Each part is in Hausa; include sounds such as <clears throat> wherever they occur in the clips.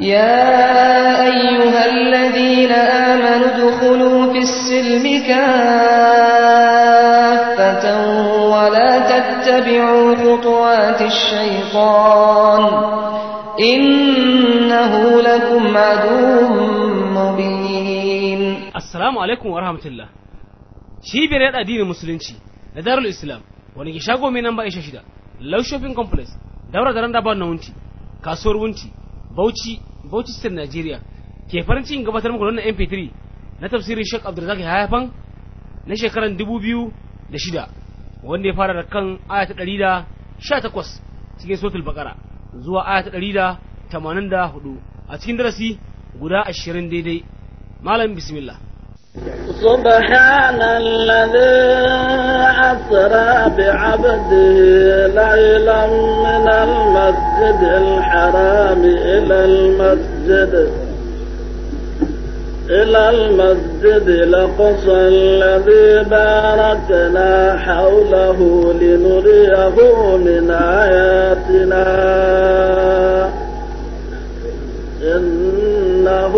يا أيها الذين آمنوا ادخلوا في السلم كافة ولا تتبعوا خطوات الشيطان إنه لكم عدو مبين السلام عليكم ورحمة الله شبيرة الدين المسلمين لدار الإسلام ونجي شاقو من نمبر إيشا شدا لو شوفين كومبلس دورة دران دابان نونتي كاسور ونتي Bauchi Bauchi State Nigeria ke farin cikin gabatar muku wannan MP3 na tafsirin Sheikh Abdulrazak Hayafan na shekaran 2006 wanda ya fara da kan aya ta 118 cikin suratul Baqara zuwa aya ta 184 a cikin darasi guda 20 daidai malam bismillah سبحان الذي أسرى بعبده ليلا من المسجد الحرام إلى المسجد إلى المسجد لقص الذي باركنا حوله لنريه من آياتنا إنه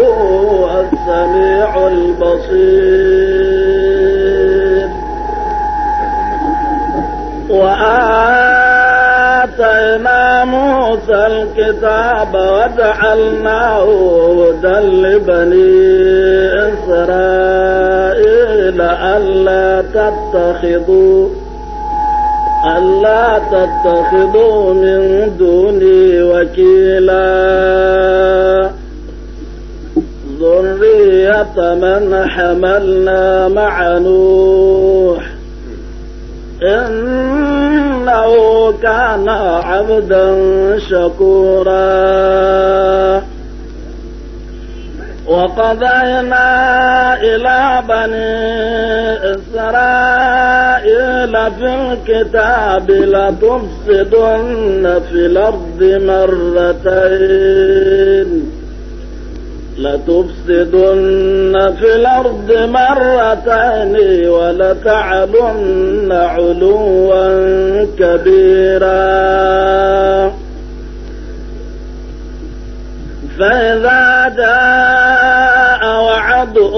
السميع البصير وآتينا موسى الكتاب وجعلناه هدى لبني إسرائيل ألا تتخذوا ألا تتخذوا من دوني وكيلا ذرية من حملنا مع نوح إنه كان عبدا شكورا وقضينا إلى بني إسرائيل في الكتاب لتفسدن في الأرض مرتين لتفسدن في الأرض مرتين ولتعلن علوا كبيرا فإذا جاء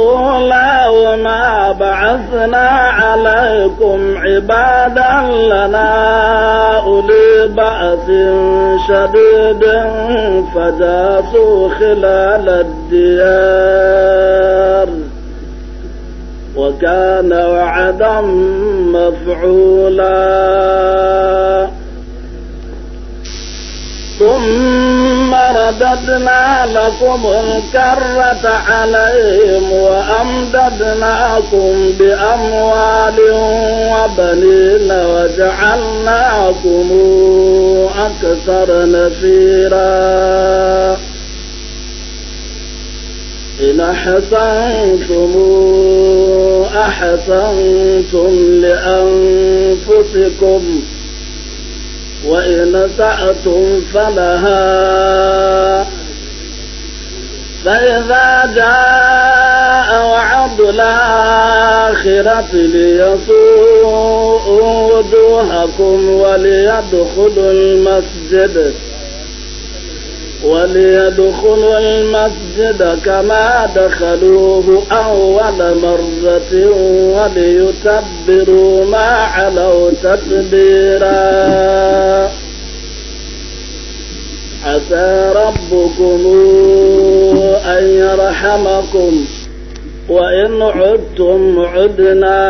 رسولا وما بعثنا عليكم عبادا لنا أولي بأس شديد فجاسوا خلال الديار وكان وعدا مفعولا ثم ورددنا لكم الكرة عليهم وأمددناكم بأموال وبنين وجعلناكم أكثر نفيرا إن أحسنتم أحسنتم لأنفسكم وإن سأتم فلها فإذا جاء وعد الآخرة ليسوءوا وجوهكم وليدخلوا المسجد وليدخلوا المسجد كما دخلوه أول مرة وليتبروا ما علوا تتبيراً عسى ربكم أن يرحمكم وإن عدتم عدنا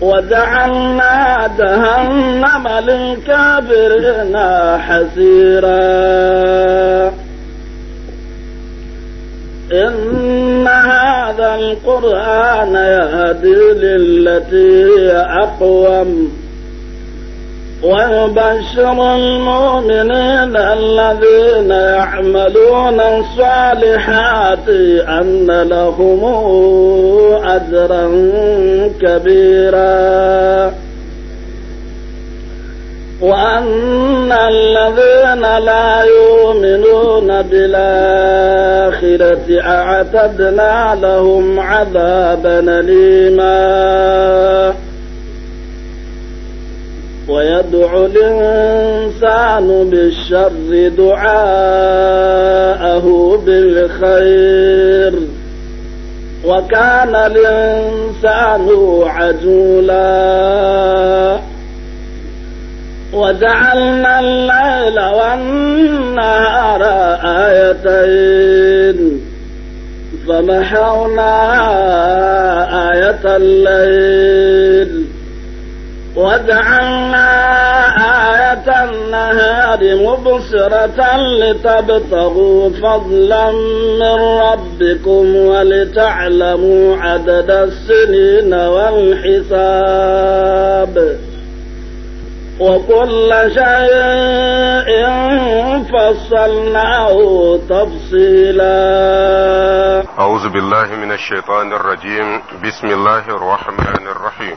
وجعلنا جهنم للكافرين حسيرا إن هذا القرآن يهدي للتي أقوم ويبشر المؤمنين الذين يعملون الصالحات أن لهم أجرا كبيرا وأن الذين لا يؤمنون بالآخرة أعتدنا لهم عذابا أليما ويدعو الإنسان بالشر دعاءه بالخير وكان الإنسان عجولا وجعلنا الليل والنهار آيتين فمحونا آية الليل وجعلنا آية النهار مبصرة لتبتغوا فضلا من ربكم ولتعلموا عدد السنين والحساب وكل شيء فصلناه تفصيلا أعوذ بالله من الشيطان الرجيم بسم الله الرحمن الرحيم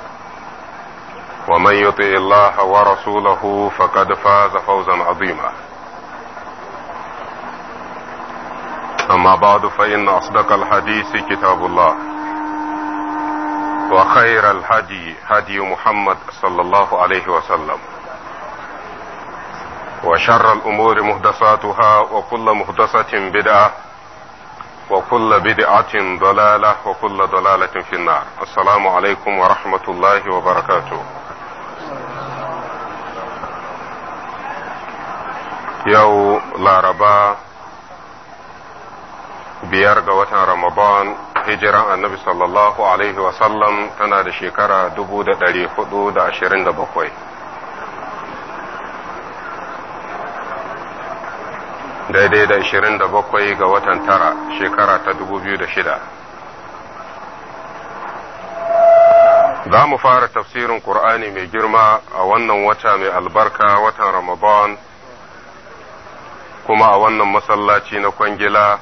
ومن يطع الله ورسوله فقد فاز فوزا عظيما أما بعد فإن أصدق الحديث كتاب الله وخير الهدي هدي محمد صلى الله عليه وسلم وشر الأمور محدثاتها وكل محدثه بدعة وكل بدعة ضلالة وكل ضلالة في النار السلام عليكم ورحمة الله وبركاته yau laraba biyar ga watan ramadan hijiran annabi sallallahu alaihi wasallam tana da shekara dubu da ɗari hudu da ashirin da bakwai daidai da ashirin da bakwai ga watan tara shekara ta dubu biyu da shida za mu fara tafsirin ƙur'ani mai girma a wannan wata mai albarka watan ramadan kuma a wannan masallaci na kwangila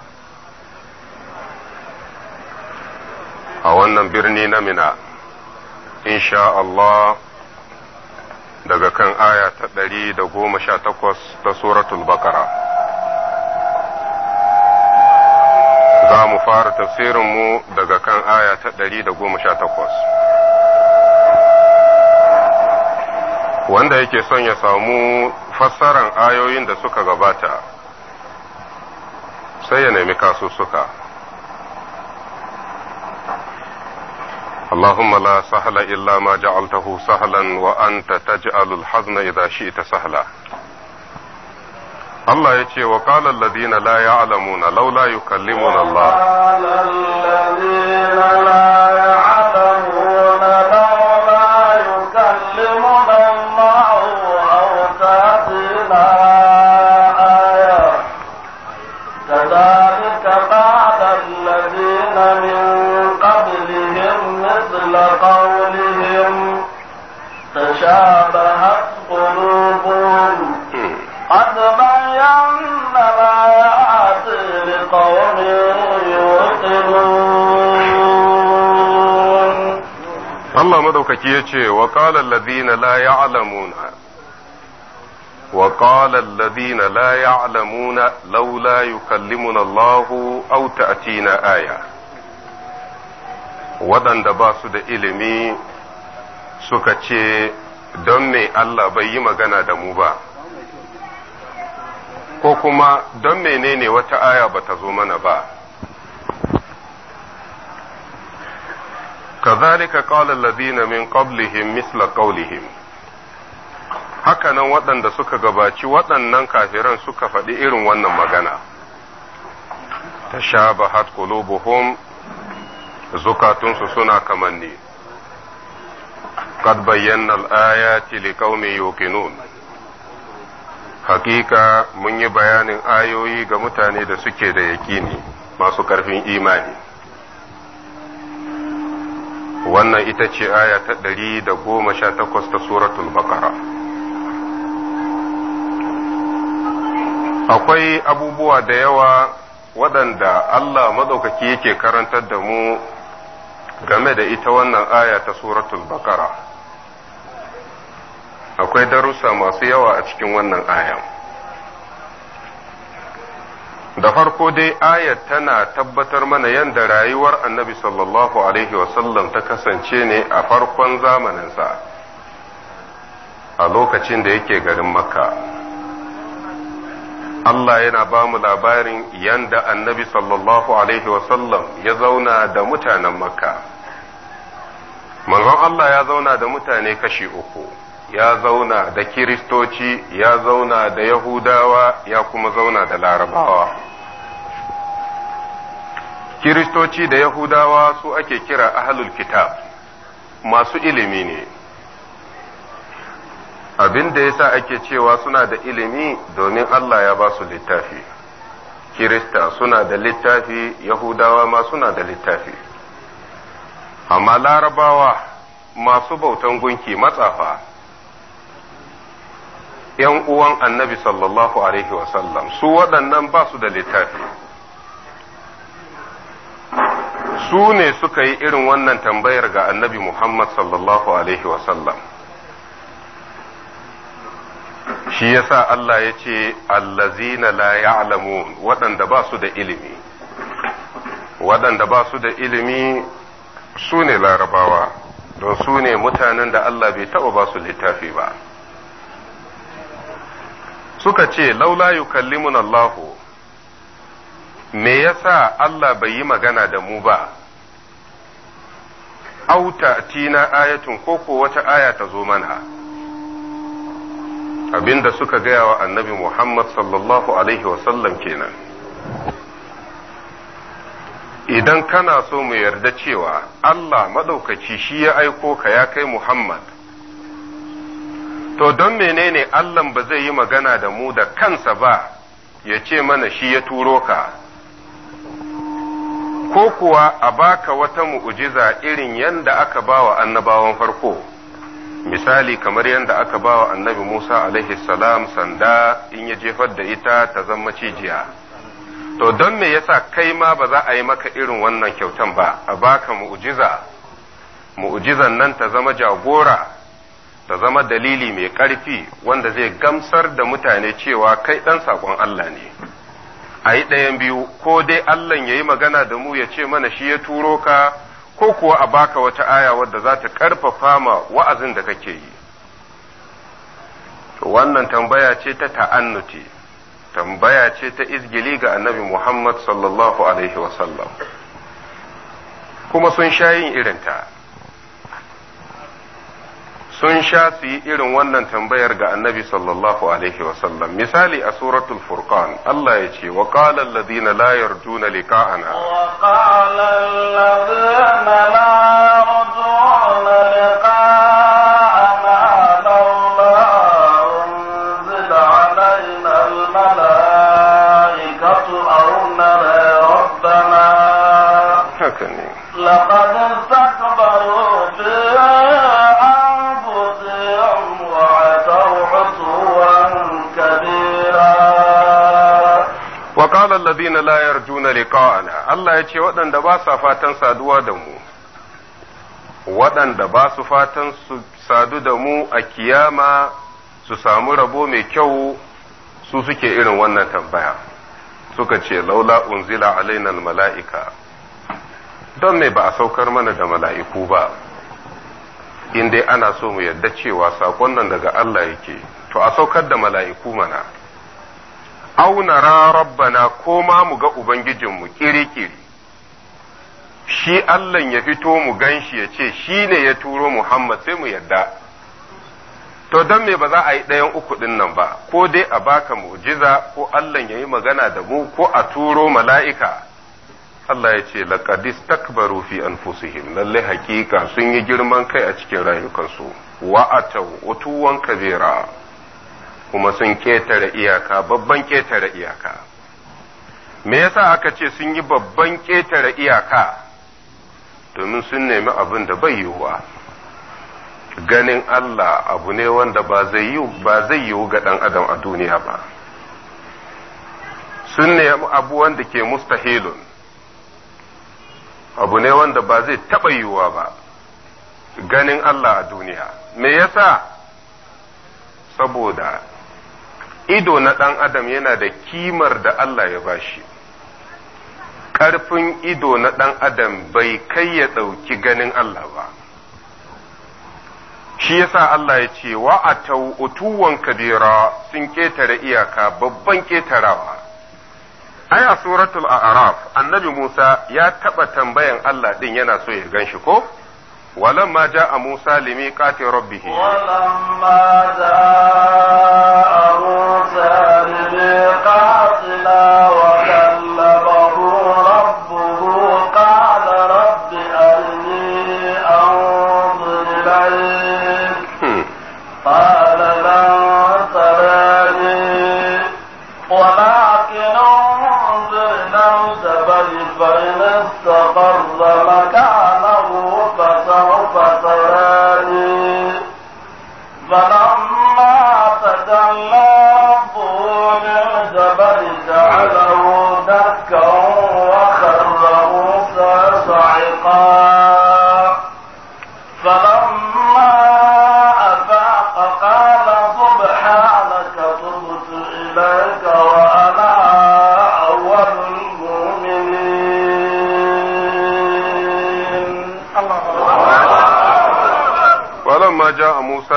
a wannan birni na mina insha Allah daga kan aya ta ɗari da goma sha takwas ta suratul bakara za mu fara tafsirinmu daga kan aya ta ɗari da goma sha takwas wanda yake son ya samu fassaran ayoyin da suka gabata sai ya nemi kasussuka اللهم لا سهل إلا ما جعلته سهلا وأنت تجعل الحزن إذا شئت سهلا الله يتي وقال الذين لا يعلمون لولا يكلمنا الله قال الذين لا madaukaki ya ce wa qala allazina la ya'lamuna wa qala allazina la ya'lamuna laula yukallimuna Allahu aw ta'tina aya waɗanda ba su da ilimi suka ce don me Allah bai yi magana da mu ba ko kuma don menene wata aya ba ta zo mana ba kazalika qala alladhina min qablihim misla qawlihim hakanan waɗanda suka gabaci waɗannan kafiran suka faɗi irin wannan magana tashabahat qulubuhum zukatunsu suna kamanni qad bayyana al-ayati liqaumin hakika mun yi bayanin ayoyi ga mutane da suke da yaƙini masu ƙarfin imani wannan ita ce aya ta ɗari da goma sha takwas ta suratul bakara akwai abubuwa da yawa waɗanda Allah maɗaukaki yake karantar da mu game da ita wannan aya ta suratul bakara akwai darussa masu yawa a cikin wannan ayan. da farko dai ayat tana tabbatar mana yadda rayuwar annabi sallallahu alaihi wasallam ta kasance ne a farkon zamaninsa a lokacin da yake garin makka Allah yana ba mu labarin yadda annabi sallallahu alaihi wasallam ya zauna da mutanen makka manzon Allah ya zauna da mutane kashi uku ya zauna da kiristoci ya zauna da yahudawa ya kuma zauna da larabawa kiristoci da yahudawa su ake kira ahlul kitab masu ilimi ne abin da yasa ake cewa suna da ilimi domin Allah ya ba su littafi kirista suna da littafi yahudawa ma suna da littafi amma larabawa masu bautan gunki matsafa ‘yan uwan annabi sallallahu Alaihi wasallam su waɗannan ba su da littafi su ne suka yi irin wannan tambayar ga annabi Muhammad sallallahu Alaihi wasallam shi ya sa Allah ya ce allazina la ya'lamun waɗanda ba su da ilimi waɗanda ba su da ilimi su ne larabawa don su ne mutanen da Allah bai taɓa ba su littafi ba suka ce laula yukallimun Allahu me yasa Allah bai yi magana da mu ba auta tina ayatun koko wata aya ta zo mana abinda suka gaya wa annabi Muhammad sallallahu alaihi wasallam kenan idan kana so mu yarda cewa Allah maɗaukaci shi ya aiko ka ya kai Muhammad to don menene Allah ba zai yi magana da mu da kansa ba ya ce mana shi ya turo ka ko kuwa a baka wata mu'ujiza irin yadda aka ba wa annabawan farko misali kamar yadda aka ba wa annabi Musa alaihi salam sanda in ya jefar da ita ta zama cijiya to don me yasa kai ma ba za a yi maka irin wannan kyautan ba a baka mu'ujiza mu'ujizan nan ta zama jagora ta zama dalili mai ƙarfi wanda zai gamsar da mutane cewa kai ɗan saƙon Allah ne. A yi ɗayan biyu, ko dai Allah ya yi magana da mu ya ce mana shi ya turo ka, ko kuwa a baka wata aya wadda za ta ƙarfafa ma wa'azin da kake yi. Wannan tambaya ce ta ta'annuti, tambaya ce ta izgili ga annabi Muhammad sallallahu Alaihi wasallam, kuma sun sha yin irinta. sun sha su yi irin wannan tambayar ga annabi sallallahu alaihi wasallam misali a suratul furqan Allah ya ce wa qala alladhina la yarjuna liqa'ana wa qala alladhina la yarjuna liqa'ana allazina la yarjuna liqa'ana Allah ya ce waɗanda ba sa fatan saduwa da mu waɗanda ba su fatan su sadu da mu a kiyama su samu rabo mai kyau su suke irin wannan tambaya suka ce laula unzila alaina mala'ika don me ba a saukar mana da mala'iku ba in dai ana so mu yadda cewa saƙon nan daga Allah yake to a saukar da mala'iku mana auna ra rabbana ko ma mu ga ubangijinmu kiri-kiri shi Allah ya fito mu ganshi ya ce shi ne ya turo Muhammad sai mu yadda. to don me ba za a yi ɗayan uku ɗin nan ba ko dai a baka mu'jiza ko Allah ya yi magana da mu ko a turo mala'ika Allah ya ce laqadis takbaru fi anfusihim lalle hakika sun yi girman kai a cikin rayukansu wa atau utuwan kabira kuma sun ketare iyaka babban ketare iyaka me yasa aka ce sun yi babban ketare iyaka domin sun nemi abin da bai yiwuwa ganin Allah abu ne wanda ba zai yiwu ba zai yiwu ga dan adam a duniya ba sun nemi abu wanda ke mustahilun abu ne wanda ba zai taɓa yiwuwa ba ganin Allah a duniya me yasa saboda ido na ɗan adam yana da kimar da Allah ya ba shi ƙarfin ido na ɗan adam bai kai ya ɗauki ganin Allah ba shi yasa Allah ya ce wa a tautuwan kabira sun ƙetare iyaka babban ƙetarawa a suratul a'raf annabi Musa ya taɓa tambayan Allah ɗin yana so ya gan shi ko ولما جاء موسى لميقات ربه ولما جاء الأنصار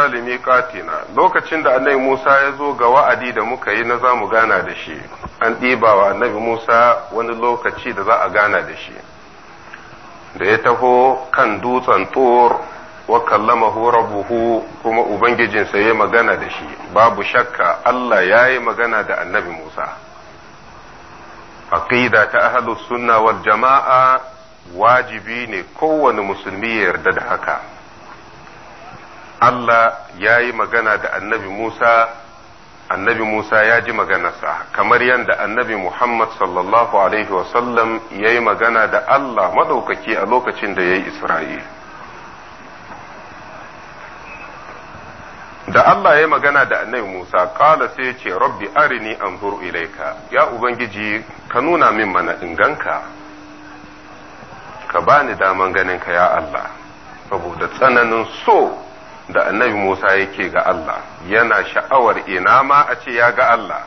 Musa katina lokacin da annabi Musa ya zo ga wa'adi da muka yi na zamu gana da shi an ɗiba wa annabi Musa wani lokaci da za a gana da shi da ya taho kan dutsen tur wa kallamahu rabbuhu kuma ubangijinsa ya magana da shi babu shakka Allah ya yi magana da annabi Musa aqida ta ahlus sunna wal jama'a wajibi ne kowane musulmi ya yarda da haka Allah ya yi magana da annabi Musa, annabi Musa ya ji maganarsa, kamar yadda annabi Muhammad sallallahu Alaihi wasallam ya yi magana da Allah madaukaki a lokacin da ya yi Isra'il. Da Allah ya yi magana da annabi Musa, ƙala sai ce, Rabbi arini an ilaika, ya Ubangiji ka nuna min mana inganka, ka bani daman ganinka ya Allah, saboda tsananin so da annabi Musa yake ga Allah yana sha'awar ina ma a ce ya ga Allah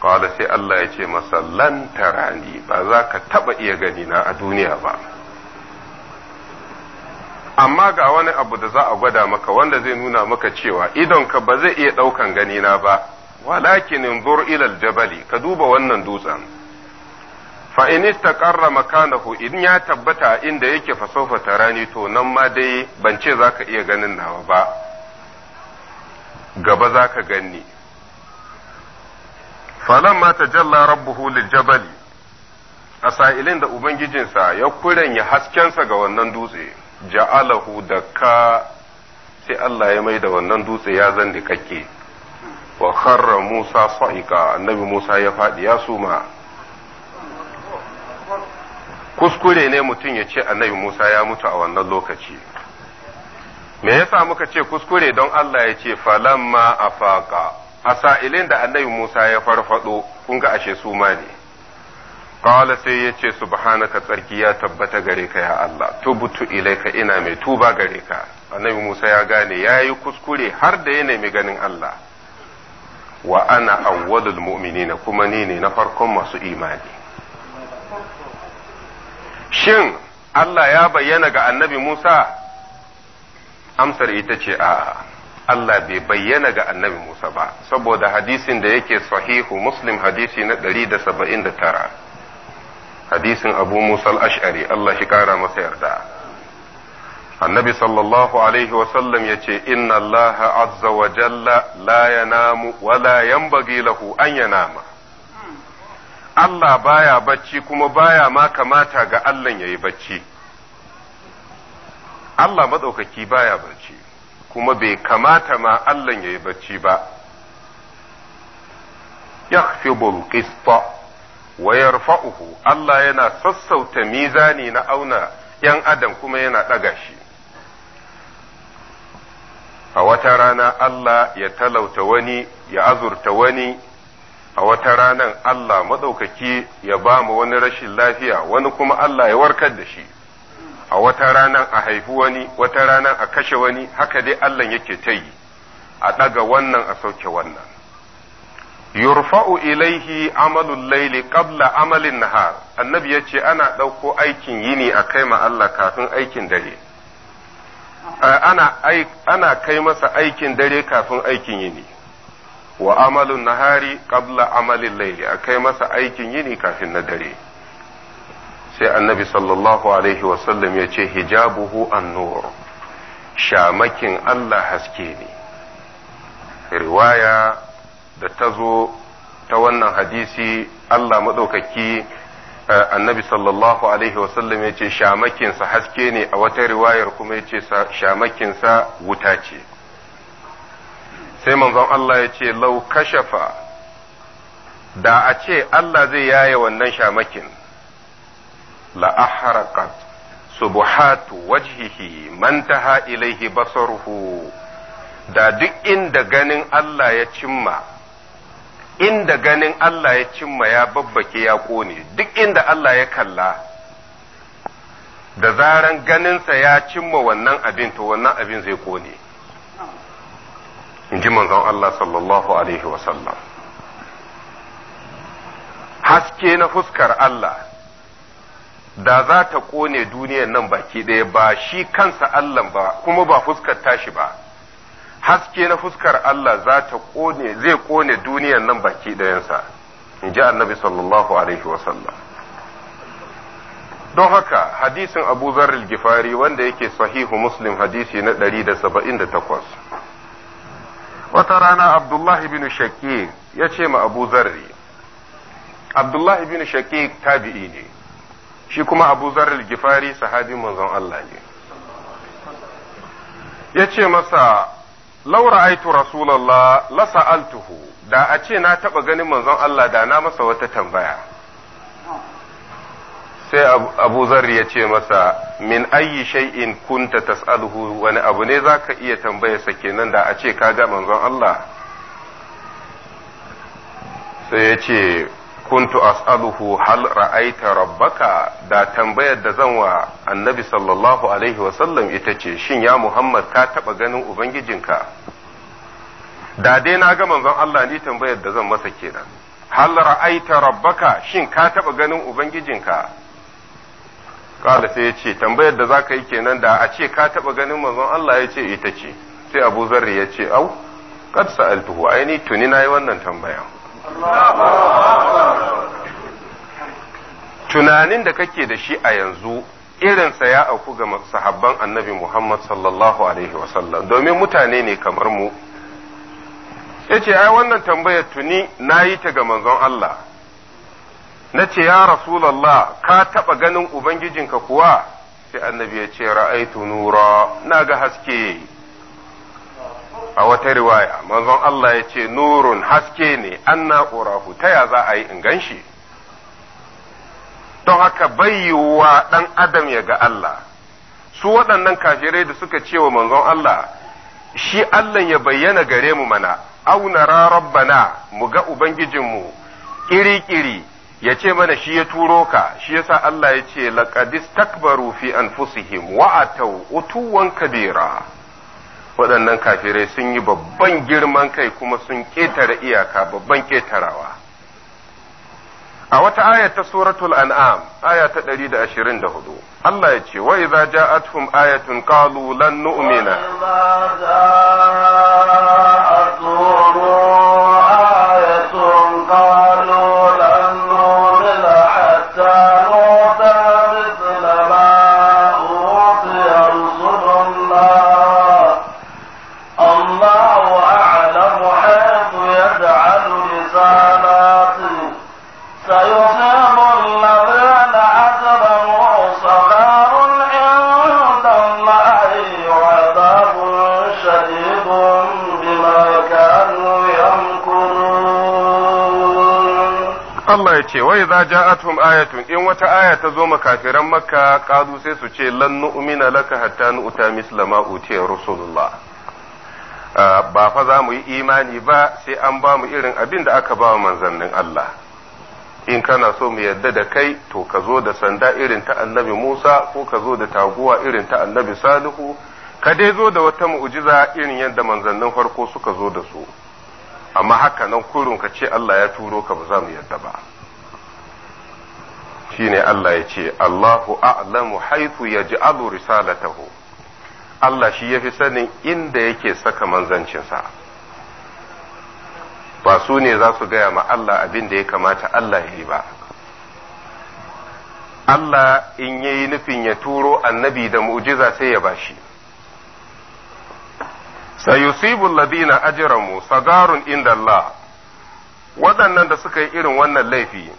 qala sai Allah ya ce masa lan ba za ka taba iya gani na a duniya ba amma ga wani abu da za a gwada maka wanda zai nuna maka cewa idonka ba zai iya ɗaukan ganina ba walakin zur ilal jabali ka duba wannan dutsen fa in istaqarra makanahu in ya tabbata inda yake fa sawfa tarani to nan ma dai ban ce zaka iya ganin nawa ba gaba zaka ganni ma tajalla rabbuhu liljabali a sa'ilin da ubangijinsa ya kuranya haskensa ga wannan dutse ja'alahu ka sai Allah ya mai da wannan dutse ya zan kake wa kharra Musa sa'ika annabi Musa ya faɗi ya suma kuskure ne mutum ya ce annabi Musa ya mutu a wannan lokaci me yasa muka ce kuskure don Allah ya ce falamma afaka asailin da annabi Musa ya farfado kun ga ashe su ma ne qala sai ya ce subhanaka tsarki ya tabbata gare ka ya Allah tubutu ilaika ina mai tuba gare ka annabi Musa ya gane yayi kuskure har da ya nemi ganin Allah wa ana awwalul mu'minina kuma ni ne na farkon masu imani shin Allah ya bayyana ga annabi Musa amsar ita ce a Allah bai bayyana ga annabi Musa ba saboda hadisin da yake sahihu muslim hadisi na 179 hadisin abu Musa al-ash'ari Allah shi kara masa yarda annabi sallallahu alaihi wasallam ya ce inna Allah azza wa jalla la yanamu wa la yanbaghi lahu an yanama Allah baya bacci kuma baya ma kamata ga Allah ya yi bacci. Allah maɗaukaki baya bacci kuma bai kamata ma Allah ya yi bacci ba. Yakhfidul qista wa yarfa'uhu Allah yana sassauta mizani na auna ‘yan adam kuma yana ɗaga shi. A wata rana Allah ya talauta wani, ya azurta wani, a wata ranan Allah maɗaukaki ya ba mu wani rashin lafiya wani kuma Allah ya warkar da shi a wata ranan a haifi wani wata ranan a kashe wani haka dai Allah yake ta yi a ɗaga wannan a sauke wannan yurfa'u ilaihi amalul laili qabla amalin nahar annabi ya ce ana ɗauko aikin yini a kai ma Allah kafin aikin dare ana kai masa aikin dare kafin aikin yini wa amalun nahari qabla amalin laili a kai masa aikin yini kafin na dare sai annabi sallallahu alaihi wasallam ya ce hijabuhu an-nur shamakin Allah haske ne riwaya da ta zo ta wannan hadisi Allah maɗaukaki eh, annabi sallallahu alaihi wasallam ya ce shamakinsa haske ne a wata riwayar kuma ya ce shamakinsa wuta ce sai manzon Allah ya ce lau kashafa da a ce Allah zai yaye wannan shamakin la'aharaqat subuhatu wajhihi mantaha ilaihi basaruhu da duk inda ganin Allah ya cimma inda ganin Allah ya cimma ya babbake ya kone duk inda Allah ya kalla da zaran ganinsa ya cimma wannan abin to wannan abin zai kone in ji manzon Allah sallallahu alaihi wasallam haske na fuskar Allah da za ta ƙone duniyar nan baki ɗaya ba shi kansa Allah ba kuma ba fuskar tashi ba haske na fuskar Allah za ta ƙone zai ƙone duniyar nan baki ɗayansa in ji annabi sallallahu alaihi wasallam don haka hadisin abu zarril gifari wanda yake sahihu muslim hadisi na 178 wata rana abdullahi bin shaqiq ya ce ma abu zarri abdullahi bin shaqiq tabi'i ne shi kuma abu zarri gifari sahabi manzon Allah ne ya ce masa laura aitu rasulallah la sa'altuhu da a ce na taɓa ganin manzon Allah da na masa wata tambaya sai abu zar ya ce masa min ayi shay'in kunta tas'aluhu wani abu ne zaka iya tambayarsa kenan da a ce ka ga manzon Allah sai ya ce kuntu as'aluhu hal ra'aita rabbaka da tambayar da zan wa annabi sallallahu alaihi wasallam ita ce shin ya muhammad ka taba ganin ubangijinka da dai na ga manzon Allah ni tambayar da zan masa kenan hal ra'aita rabbaka shin ka taba ganin ubangijinka kala sai ya ce tambayar da zaka yi kenan da a ce ka taba ganin manzon Allah ya ce ita ce sai Abu Zarri ya ce au kad sa'altuhu ni tuni nayi wannan tambaya tunanin da kake da shi a yanzu irin sa ya auku ga sahabban annabi Muhammad sallallahu alaihi wasallam domin mutane ne kamar mu yace ai wannan tambayar tuni nayi ta ga manzon Allah na ce ya rasulallah ka taɓa ganin ubangijinka kuwa sai annabi ya ce ra'aitu nura na ga haske a wata riwaya manzon Allah ya ce nurun haske ne an na ƙorafu ta ya za a yi in gan shi don haka bayyuwa ɗan adam ya ga Allah su waɗannan kafirai da suka ce wa manzon Allah shi Allah ya bayyana gare mu mana auna rabbana mu ga ubangijinmu ƙiri-ƙiri ya ce mana shi ya turo ka shi yasa Allah ya ce laqadis takbaru fi anfusihim wa atau utuwan kabira waɗannan kafirai sun yi babban girman kai kuma sun ƙetare iyaka babban ƙetarawa a wata aya ta suratul an'am aya ta 124 Allah ya ce wa idza ja'atuhum ayatun qalu lan nu'mina Allah ya ce wai wa idza aya ayatun in wata aya ta zo makafiran makka kadu sai su ce lan nu'mina laka hatta nu'ta mislama utiya rasulullah ah, ba fa za mu yi imani ba sai an ba mu irin abin da aka ba wa manzannin Allah in kana so mu yadda da kai to ka zo da sanda irin ta annabi Musa ko ka zo da taguwa irin ta annabi Salihu ka dai zo da wata mu'jiza irin yadda manzannin farko suka zo da su amma haka nan kurun ka ce Allah ya turo ka ba za mu yarda ba shine Allah ya ce Allahu a'lamu haythu yaj'alu risalatahu Allah shi yafi sanin inda yake saka manzancinsa ba su ne za su gaya ma Allah abin da ya kamata Allah ya yi ba Allah in yayi nufin ya turo annabi da mu'jiza sai ya bashi sayusibu alladhina ajramu sagarun inda Allah waɗannan da suka yi irin wannan laifi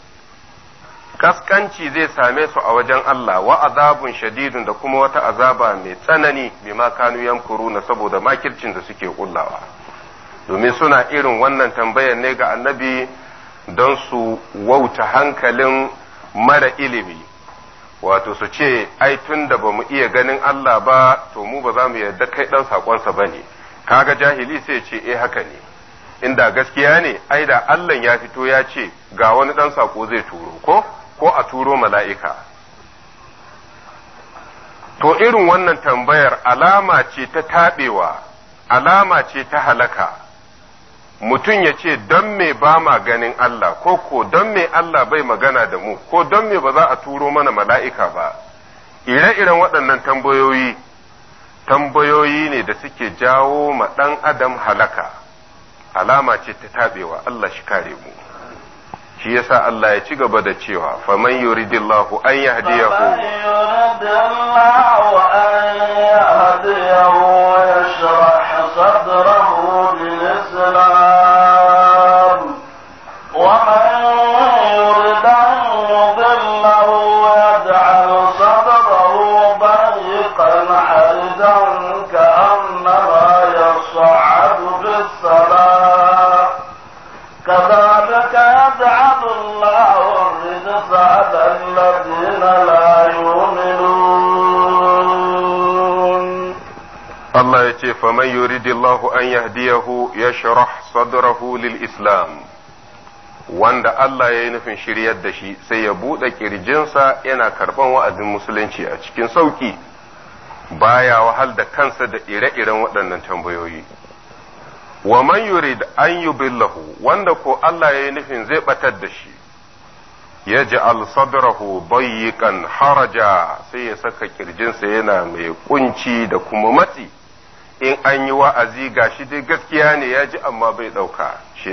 kaskanci zai same su a wajen Allah wa azabun shadidun da kuma wata azaba mai tsanani ma kanu na saboda makircin da suke kullawa domin suna irin wannan tambayar ne ga annabi don su wauta hankalin mara ilimi wato su ce ai tun da ba mu iya ganin Allah ba to mu ba za mu yarda kai ɗan saƙonsa ba ne kaga jahili sai ce eh haka ne inda gaskiya ne ai da Allah ya fito ya ce ga wani dan sako zai turo ko ko a turo mala'ika to irin wannan tambayar alama ce ta tabewa alama ce ta halaka mutum ya ce don me ba ma ganin Allah ko ko don me Allah bai magana da mu ko don me ba za a turo mana mala'ika ba ire-iren waɗannan tambayoyi tambayoyi ne da suke jawo ma ɗan adam halaka alama ce ta taɓewa Allah shi kare mu shi yasa Allah ya ci gaba da cewa faman yuridillahu an yahdiyahu الذين لا يؤمنون الله يتي فمن يريد الله أن يهديه يشرح صدره للإسلام wanda Allah ya yi nufin shiryar da shi sai ya buɗe ƙirjinsa yana karɓan wa'azin musulunci a cikin sauƙi baya wahal da kansa da ire-iren waɗannan tambayoyi. Wa man yurid an yubillahu wanda ko Allah ya yi nufin zai ɓatar da shi, yaj'al sadrahu dayyiqan haraja sai ya saka kirjinsa yana mai kunci da kuma matsi in an yi wa'azi gashi dai gaskiya ne ya ji amma bai ɗauka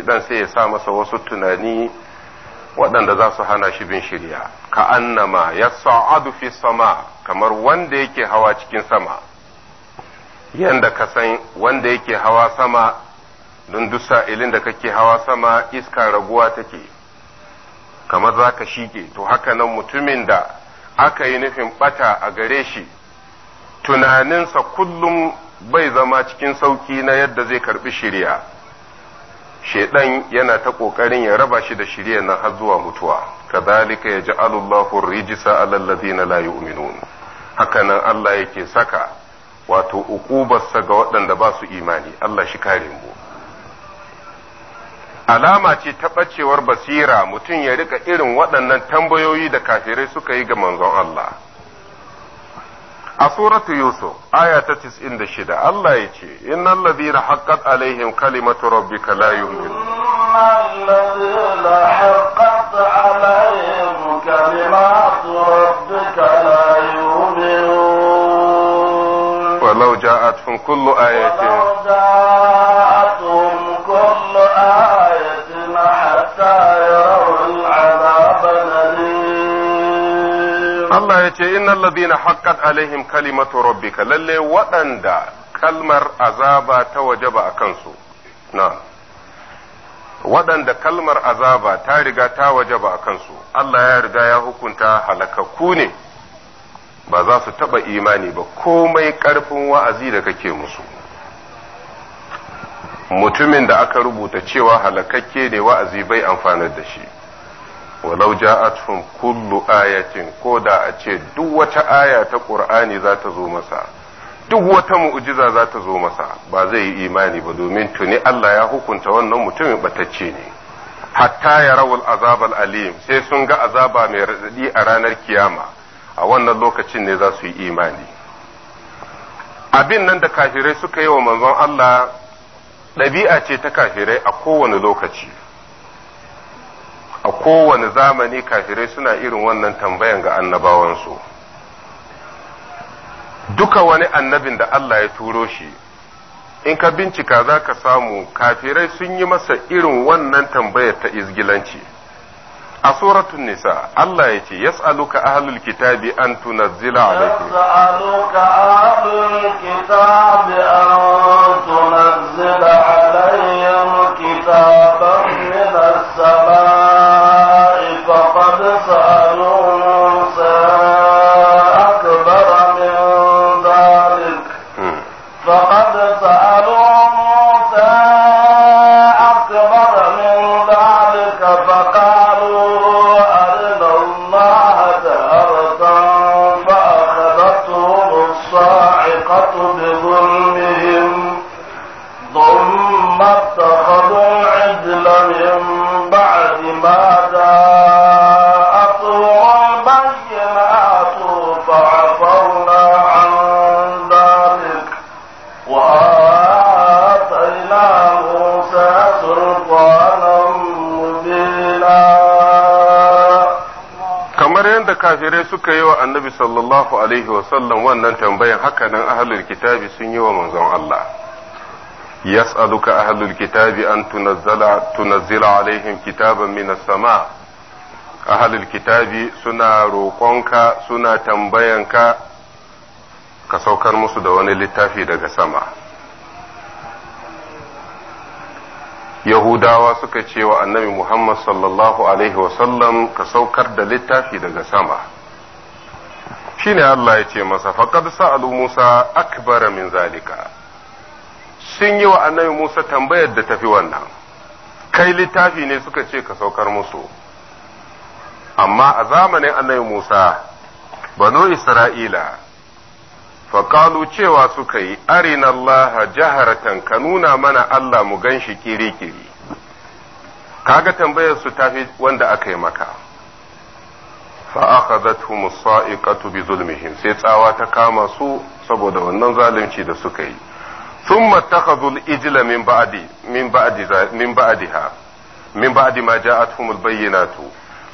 dan sai ya sa masa wasu tunani waɗanda za su hana shi bin shirya ka annama ya sa'adu fi sama kamar wanda yake hawa cikin sama yanda ka san wanda yake hawa sama don duk sa'ilin da kake hawa sama iska raguwa take kamar za ka shige to haka nan mutumin da aka yi nufin bata a gare shi tunaninsa kullum bai zama cikin sauki na yadda zai karbi shirya shedan yana ta ƙoƙarin ya raba shi da shirya na har zuwa mutuwa kadhalika yaj'alu Allahu rijsa 'ala alladhina la yu'minun haka nan Allah yake saka wato uqubarsa ga waɗanda ba su imani Allah shi kare mu alama ce ta ɓacewar basira mutum ya rika irin waɗannan tambayoyi da kafirai suka yi ga manzon Allah. A suratu Yusuf, aya ta 96, Allah ya ce, Inna ladina haqqat alaihim kalimatu rabbika la yu'minu. Inna ladina haqqat alaihim kalimatu rabbika la yu'minun. Walau ja'atkum kullu ayatin. Walau ja'atkum kullu ayatin. Allah ya ce Inna ladina haqqat alaihim kalimatu rabbika lalle waɗanda kalmar azaba ta wajaba a kansu na waɗanda kalmar azaba ta riga ta wajaba a kansu Allah ya riga ya hukunta halakakku ne ba za su taɓa imani ba komai ƙarfin wa'azi da kake musu mutumin da aka rubuta cewa halakakke ne wa'azi bai amfanar da shi walau ja'atkum kullu ayatin ko da a ce duk wata aya ta qur'ani za ta zo masa duk wata mu'jiza za ta zo masa ba zai yi imani ba domin tuni Allah ya hukunta wannan mutumin batacce ne hatta ya rawul azabar alim sai sun ga azaba mai radadi a ranar kiyama a wannan lokacin ne za su yi imani abin nan da kafirai suka yi wa manzon Allah ɗabi'a ce ta kafirai a kowane lokaci a kowane zamani kafirai suna irin wannan tambayan ga annabawansu duka wani annabin da Allah ya turo shi in ka bincika za ka samu kafirai sun yi masa irin wannan tambayar ta izgilanci a suratun nisa Allah ya ce yas'aluka ahlul kitabi an tunazzila alaihim yas'aluka ahlul kitabi an tunazzila alaihim kitaban min as kafirai suka yi wa annabi sallallahu alaihi wasallam wannan tambayan hakanan ahlul kitabi sun yi wa manzon Allah yas'aluka ahlul kitabi an tunazzala tunazzila alaihim kitaban minas sama ahlul kitabi suna rokonka suna tambayanka ka saukar musu da wani littafi daga sama yahudawa suka ce wa annabi muhammad sallallahu alaihi wasallam ka saukar da littafi daga sama shine allah ya ce masa faqad sa'alu musa akbara min zalika sun yi wa annabi musa tambayar da tafi wannan kai littafi ne suka ce ka saukar musu amma a zamanin annabi musa banu isra'ila faƙalu cewa suka yi arina Allah jaharatan ka nuna mana Allah mu gan shi kiri-kiri kaga tambayar su tafi wanda aka yi maka fa'akhadathum as-sa'iqatu bi zulmihim sai tsawa ta kama su saboda wannan zalunci da suka yi thumma takhadhu al ijila min ba'adi min min ba'diha min ba'di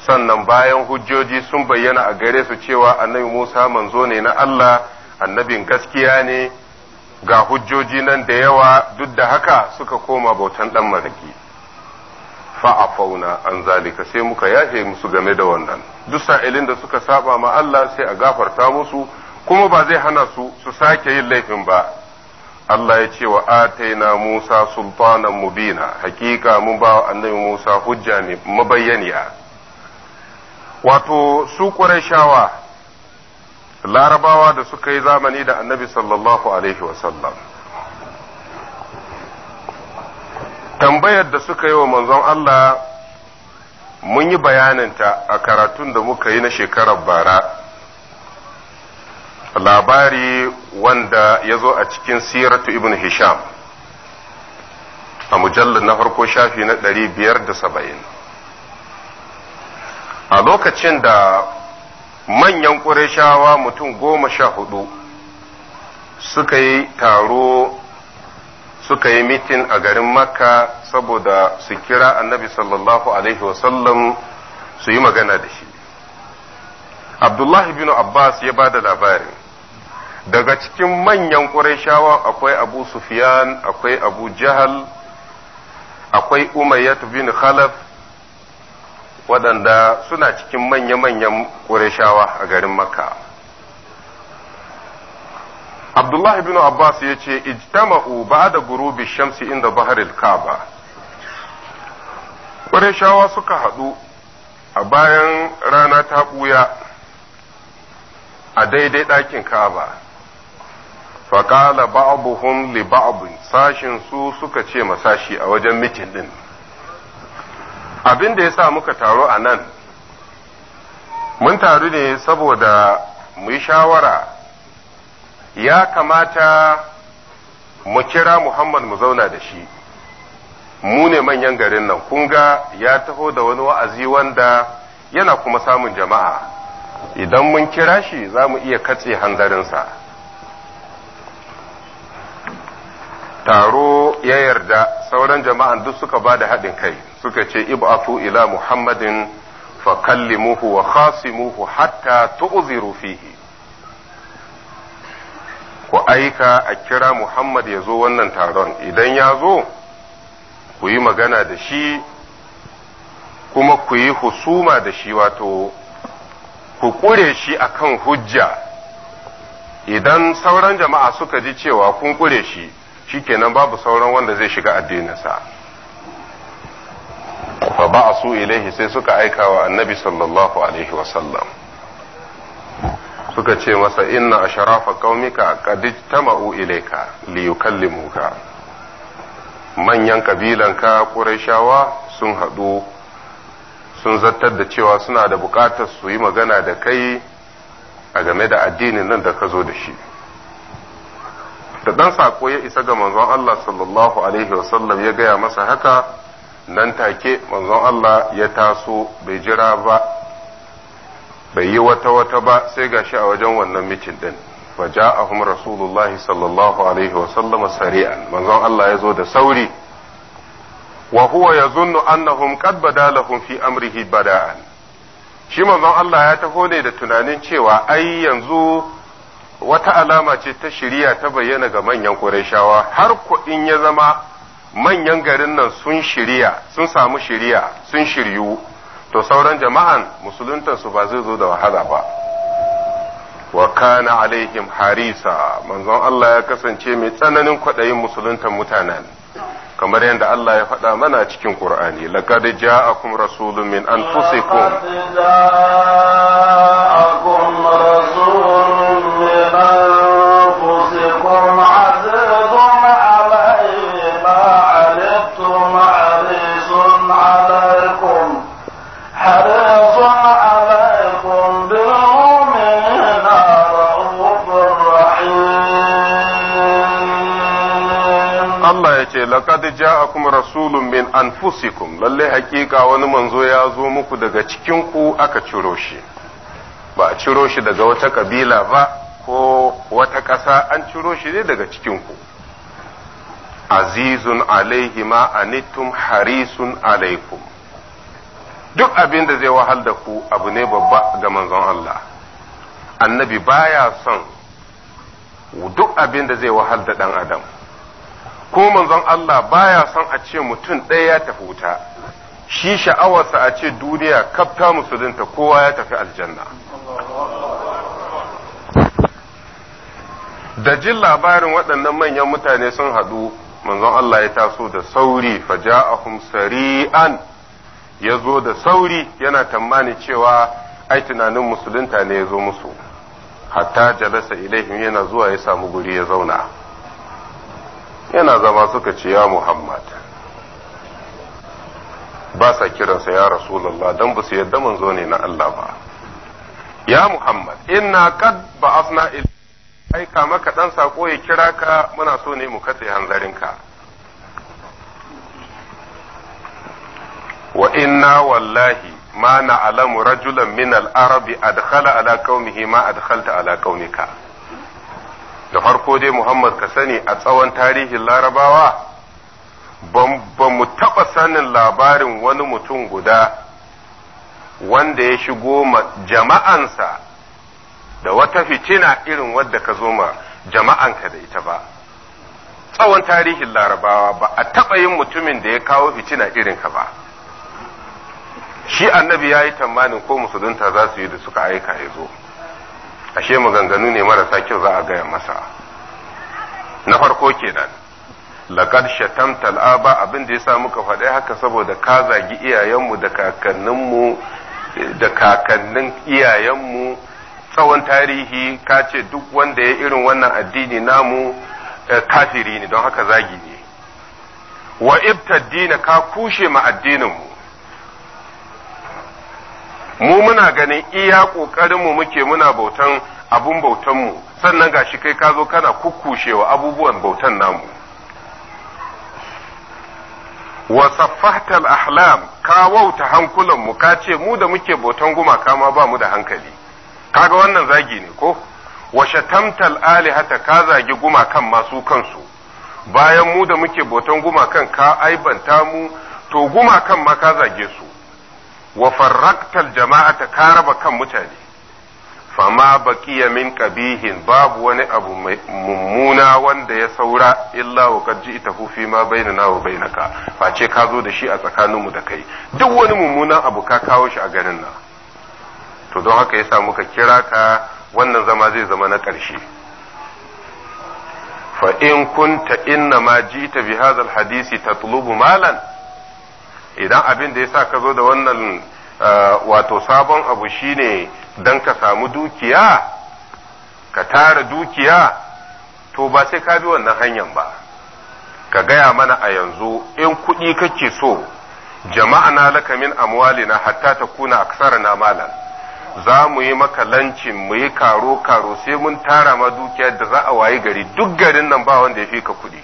sannan bayan hujjoji sun bayyana a gare su cewa annabi Musa manzo ne na Allah annabin gaskiya ne ga hujjoji nan da yawa duk da haka suka koma bautan ɗan maraki fa'afauna an zalika sai muka yafe musu game da wannan duk sa'ilin da suka saba ma Allah sai a gafarta musu kuma ba zai hana su su sake yin laifin ba Allah ya ce wa ataina Musa sultanan mubina hakika mun ba wa annabi Musa hujja ne mabayyaniya wato su Qurayshawa larabawa da suka yi zamani da annabi sallallahu alaihi wasallam tambayar da suka yi wa manzon Allah mun yi bayaninta a karatun da muka yi na shekarar bara labari wanda ya zo a cikin siratu ibn hisham a mujallar na farko shafi na 570 a lokacin da manyan ƙurashawa mutum goma sha hudu suka yi taro suka yi mitin a garin makka saboda su kira annabi sallallahu alaihi wasallam su yi magana da shi abdullahi bin abbas ya ba da labari daga cikin manyan ƙurashawa akwai abu sufiyan akwai abu jahal akwai umayyat bin khalaf waɗanda suna cikin manya-manyan ƙureshawa a garin makka abdullah ibn abbas ya ce ijtama'u da gurubi shamsi inda baharil kaba ƙureshawa suka haɗu a bayan rana ta ɓuya a daidai ɗakin kaba faƙala ba'abuhum li ba'abun sashin su suka ce masashi a wajen mitin ɗin abin da ya sa muka taro a nan mun taru ne saboda mu yi shawara ya kamata mu kira muhammad mu zauna da shi mu ne manyan garin nan kun ga ya taho da wani wa'azi wanda yana kuma samun jama'a idan mun kira shi za mu iya katse hanzarinsa taro ya yarda sauran jama'an duk suka ba da haɗin kai suka ce ib'atu ila muhammadin fa kallimuhu wa khasimuhu hatta tu'ziru fihi ku aika a kira muhammad ya zo wannan taron idan ya zo ku yi magana da shi kuma ku yi husuma da shi wato ku ƙure shi akan hujja idan sauran jama'a suka ji cewa kun ƙure shi Shi kenan babu sauran wanda zai shiga addininsa fa su ilaihi sai suka aika wa annabi sallallahu alaihi wasallam suka ce masa inna asharafa qaumika qad Ilaika ilayka yukallimuka manyan kabilanka qurayshawa sun hadu sun zartar da cewa suna da bukatar su yi magana da kai a game da addinin nan da ka zo da shi da ɗan saƙo ya isa ga manzon Allah sallallahu alaihi wasallam ya gaya masa haka nan take manzon Allah ya taso bai jira ba bai yi wata wata ba sai ga shi a wajen wannan mitin din فجاءهم رسول الله صلى الله عليه sari'an Manzon Allah ya zo da sauri وهو يظن أنهم Bada qad badalahum fi amrihi bada'an shi manzon Allah ya taho ne da tunanin cewa ai yanzu wata alama ce ta shiriya ta bayyana ga manyan ƙurashawa har kuɗin ya zama manyan garin nan sun shirya sun samu shirya sun shiryu to sauran jama'an musuluntar su ba zai zo da wahala ba wa kana alaihim harisa manzon Allah ya kasance mai tsananin kwaɗayin musuluntar mutanen kamar yadda Allah ya faɗa mana cikin Qur'ani laqad ja'akum rasulun min anfusikum Allah ya ce, a kuma rasulun min anfusikum lallai hakika wani manzo ya zo muku daga cikinku aka ciro shi, ba a ciro shi daga wata ƙabila ba. ko wata ƙasa an ciro shi ne daga cikinku azizun alaihi ma anittum harisun alaikum duk abin da zai wahal da ku abu ne babba ga manzon Allah annabi baya son duk abin da zai wahal da ɗan adam ko manzon Allah baya son a ce mutum ɗaya ya tafi wuta shi sha'awarsa a ce duniya kafta musulunta kowa ya tafi aljanna da jin labarin waɗannan manyan mutane sun haɗu manzon Allah ya taso da sauri faja'ahum sari'an ya zo da sauri yana tamani cewa ai tunanin musulunta ne ya zo musu hatta jalasa ilaihim yana zuwa ya samu guri ya zauna yana zama suka ce ya Muhammad ba sa kiransa ya Rasulullah don ba su yadda manzo ne na Allah ba ya Muhammad inna qad ba'athna ilaihim aika maka ɗan saƙo ya kira ka muna so ne mu katse hanzarinka wa inna wallahi ma na alamu rajulan min al-arabi adkhala ala qaumihi ma adkhalta ala qaumika da farko dai Muhammad ka sani a tsawon tarihin larabawa ba mu taɓa sanin labarin wani mutum guda wanda ya shigo jama'ansa da wata fitina irin wadda ka zo ma ka da ita ba tsawon tarihin larabawa ba a taɓa yin mutumin da ya kawo fitina irin ka ba shi annabi ya yi tamanin ko musulunta za su yi da suka aika ya zo ashe maganganu ne marasa kyau za a gaya masa na farko kenan laqad tala ba abin da ya sa muka faɗai haka saboda ka zagi iyayenmu da kakanninmu da kakannin iyayenmu tsawon tarihi ka ce duk wanda ya irin wannan addini namu eh, kafiri ne don haka zagi ne wa ibtaddina ka kushe ma addinin mu mu muna ganin iya mu muke muna bautan abun bautanmu sannan gashi kai ka zo kana kukkushewa abubuwan bautan namu wa saffahtal ahlam ka wauta hankulanmu ka ce mu da muke bautan gumaka ma ba mu da hankali kaga wannan zagi ne ko wa shatamtal alihata ka zagi gumakan masu kansu bayan mu da muke botan gumakan ka aibanta mu to gumakan ma ka zage su wa farraktal jama'ata ka raba kan mutane fama baqiya min qabihin babu wani abu mummuna wanda ya saura illa wa qad hu fi ma bainana wa bainaka face ka zo da shi a tsakaninmu da kai duk wani mummunan abu ka kawo shi a ganin nan to don haka yasa muka kira ka wannan zama zai zama na ƙarshe fa in kunta inna ma jita bi hadha hadisi tatlubu malan idan abin da ya sa ka zo da wannan eh, wato sabon abu shine dan ka samu dukiya ka tara dukiya to ba sai ka bi wannan hanyar ba ka gaya mana a yanzu in kuɗi kake so jama'a na laka min amwalina hatta ta takuna aksara na malan za mu yi maka lancin mu yi karo karo sai mun tara ma dukiyar da za a wayi gari duk garin nan ba wanda ya fi ka kuɗi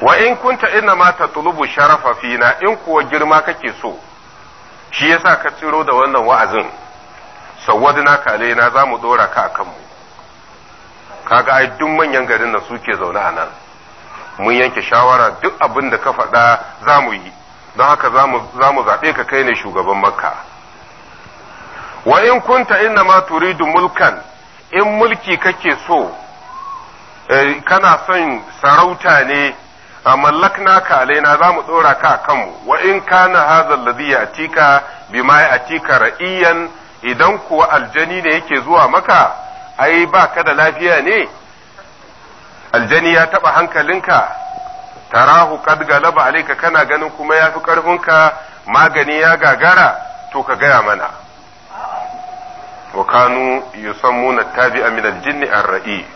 wa in kunta inna ma tatlubu sharafa fina in kuwa girma kake so shi yasa ka tsiro da wannan wa'azin kale na, za mu dora ka akan mu kaga ai duk manyan garin nan suke zaune a nan mun yanke shawara duk abin da ka faɗa za mu yi don haka za mu zaɓe ka kai ne shugaban makka wa in kunta inna ma turidu mulkan in mulki kake so eh, kana son sarauta ne a mallakna ka alaina za mu dora ka a kanmu wa in kana hazal ladhi yatika bima yatika ra'iyan idan kuwa aljani ne yake zuwa maka ai ba ka da lafiya ne aljani ya taba hankalinka tarahu qad galaba alayka kana ganin kuma yafi karfinka magani ya gagara to ka gaya mana wa kanu yusammuna tabi'a min al-jinn ar-ra'i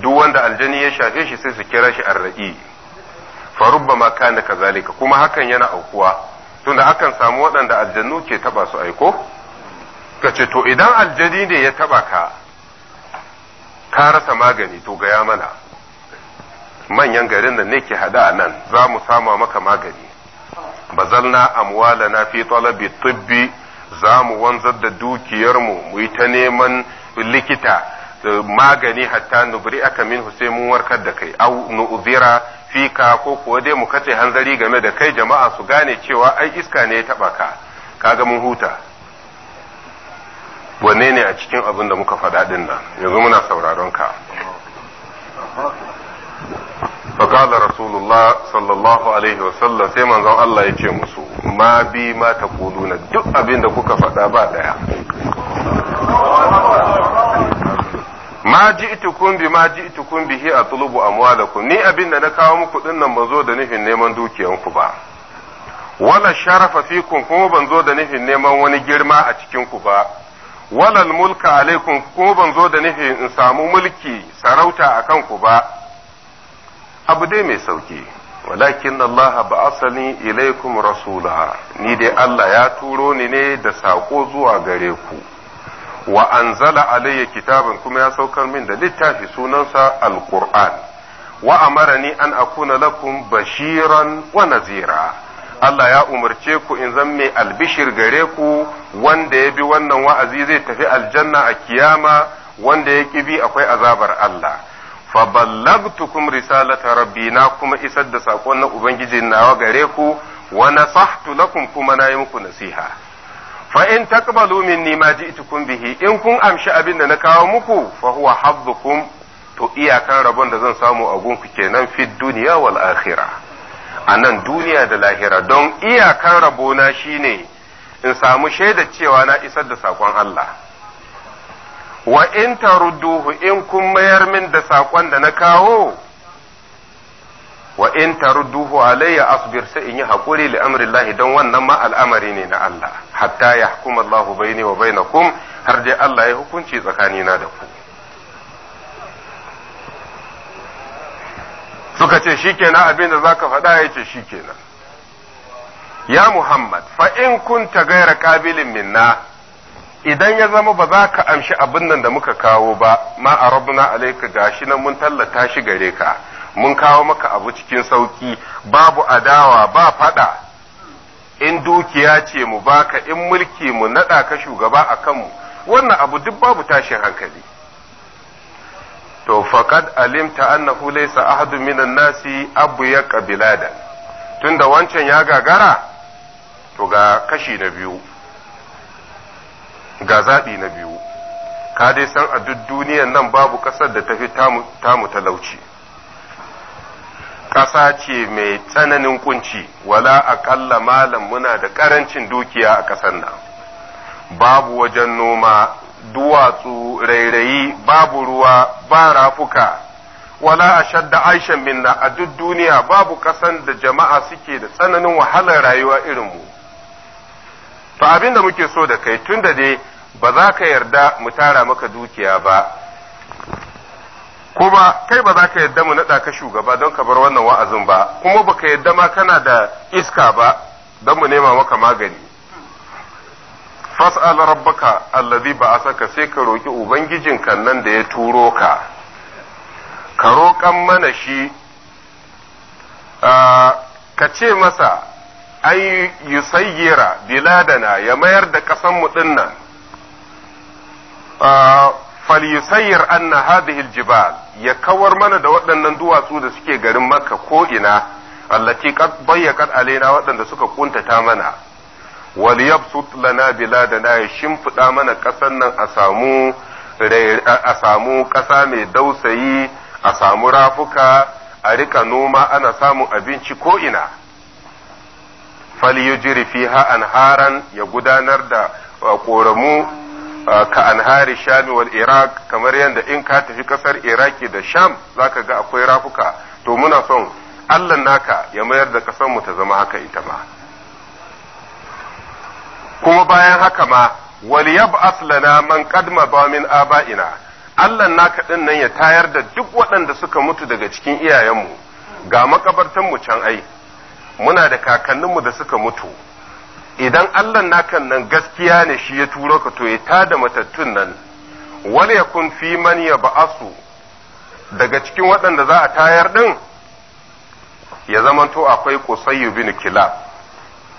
duk wanda aljani ya shafe shi sai su kira shi ar-ra'i fa rubbama kana kazalika kuma hakan yana aukuwa tunda akan samu waɗanda aljannu ke taba su aiko kace to idan aljani ne ya taba ka ka rasa magani to gaya mana manyan garin nan ne ke hada a nan za mu sama maka magani bazalna amwalana fi talabi tibbi za mu wanzar da dukiyarmu mu yi ta neman likita magani hatta nubri aka min sai mun warkar da kai au nu'zira fika ko kuwa dai mu kace hanzari game da kai jama'a su gane cewa ai iska ne ya taba ka kaga mun huta wanne ne a cikin abin da muka faɗa din yanzu muna sauraron ka faƙala rasulullah sallallahu alaihi wasallam sai manzon Allah ya ce musu ma bi ma ta duk abin kuka faɗa ba ɗaya ma ji itukun bi ma ji itukun bihi a tulubu amwalakum ni abin da na kawo muku din nan ban zo da nufin neman dukiyanku ba wala sharafa fikum kuma ban zo da nufin neman wani girma a cikinku ba walal mulka alaikum kuma ban zo da nufin in samu mulki sarauta a kanku ba abu dai mai sauki walakin Allah ba asali ilaikum rasula ni dai Allah ya turo ni ne da saƙo zuwa gare ku wa anzala alayya kitaban kuma ya saukar min da littafi sunansa alquran wa ni an akuna lakum bashiran wa nazira Allah ya umarce ku in zan mai albishir gare ku wanda ya bi wannan wa'azi zai tafi aljanna a kiyama wanda ya ƙi bi akwai azabar Allah fa ballagtukum risalata rabbi na kuma isar da sakon na ubangiji nawa gare ku wa nasahtu lakum kuma na yi muku nasiha fa in taqbalu ni ma ji'tukum bihi in kun amshi abin da na kawo muku fa huwa hazzukum to iyakan rabon da zan samu a gunku kenan fi duniya wal akhirah a nan duniya da lahira don iyakan rabona shine in samu shaida cewa na isar da sakon Allah wa in tarudduhu in kun mayar min da saƙon da na kawo wa in tarudduhu alayya asbir sai in yi haƙuri li amrillahi don wannan ma al'amari ne na Allah hatta ya hukuma Allahu baini wa bainakum har dai Allah ya hukunci tsakanina da ku suka ce shikenan abin da zaka faɗa ya ce shikenan ya Muhammad fa in kunta gaira qabilin minna idan ya zama ba za ka amshi abin nan da muka kawo ba ma a rabuna alaika gashi nan mun tallata shi gare ka mun kawo maka abu cikin sauki babu adawa ba fada in dukiya ce mu baka in mulki mu nada ka shugaba a kanmu wannan abu duk babu tashin hankali to faqad alimta annahu laysa ahadu minan nasi abu ya kabiladan tunda wancan ya gagara to ga kashi na biyu ga zaɓi na biyu ka dai san a duk duniyan nan babu ƙasar da tafi tamu talauci ƙasa ce mai tsananin kunci wala aƙalla malam muna da ƙarancin dukiya a ƙasar nan babu wajen noma duwatsu rairayi babu ruwa ba rafuka wala a shadda aishan minna a duk duniya babu ƙasan da jama'a suke da tsananin wahalar rayuwa irin mu to abin da muke so da kai tun da dai ba za ka yarda mu tara maka dukiya ba kuma kai ba za ka yarda mu naɗa ka shugaba don ka bar wannan wa'azin ba kuma baka yarda ma kana da iska ba don mu nema maka magani fas'al rabbaka allazi saka sai ka roki ubangijin ubangijinka nan da ya turo ka ka roƙan mana shi ah, ka ce masa an yusayyira biladana ya mayar da ƙasanmu dinnan falyusayyir anna hadhihi aljibal ya kawar mana da waɗannan duwatsu da suke garin makka ko ina allati qad bayyaqat alaina waɗanda suka kuntata mana wal yabsut lana biladana ya shimfiɗa mana ƙasan nan a samu a samu ƙasa mai dausayi a samu rafuka a rika noma ana samun abinci ko ina falyujri fiha anharan ya gudanar da uh, koramu uh, ka anhari shami wal iraq kamar yadda in ka tafi kasar iraki da sham zaka ga akwai rafuka to muna son allah naka ya mayar da kasar mu ta zama haka ita ma kuma bayan haka ma wal yab'ath lana man qad ba min aba'ina allah naka din nan ya tayar da duk waɗanda suka mutu daga cikin iyayenmu ga makabartan mu can ai muna da kakanninmu da suka mutu idan Allah nakan nan gaskiya ne shi ya turo ka to ya tada matattun nan wani ya kun fi man ya ba'asu daga cikin waɗanda za a tayar din ya zamanto akwai kusayyu bin Kilab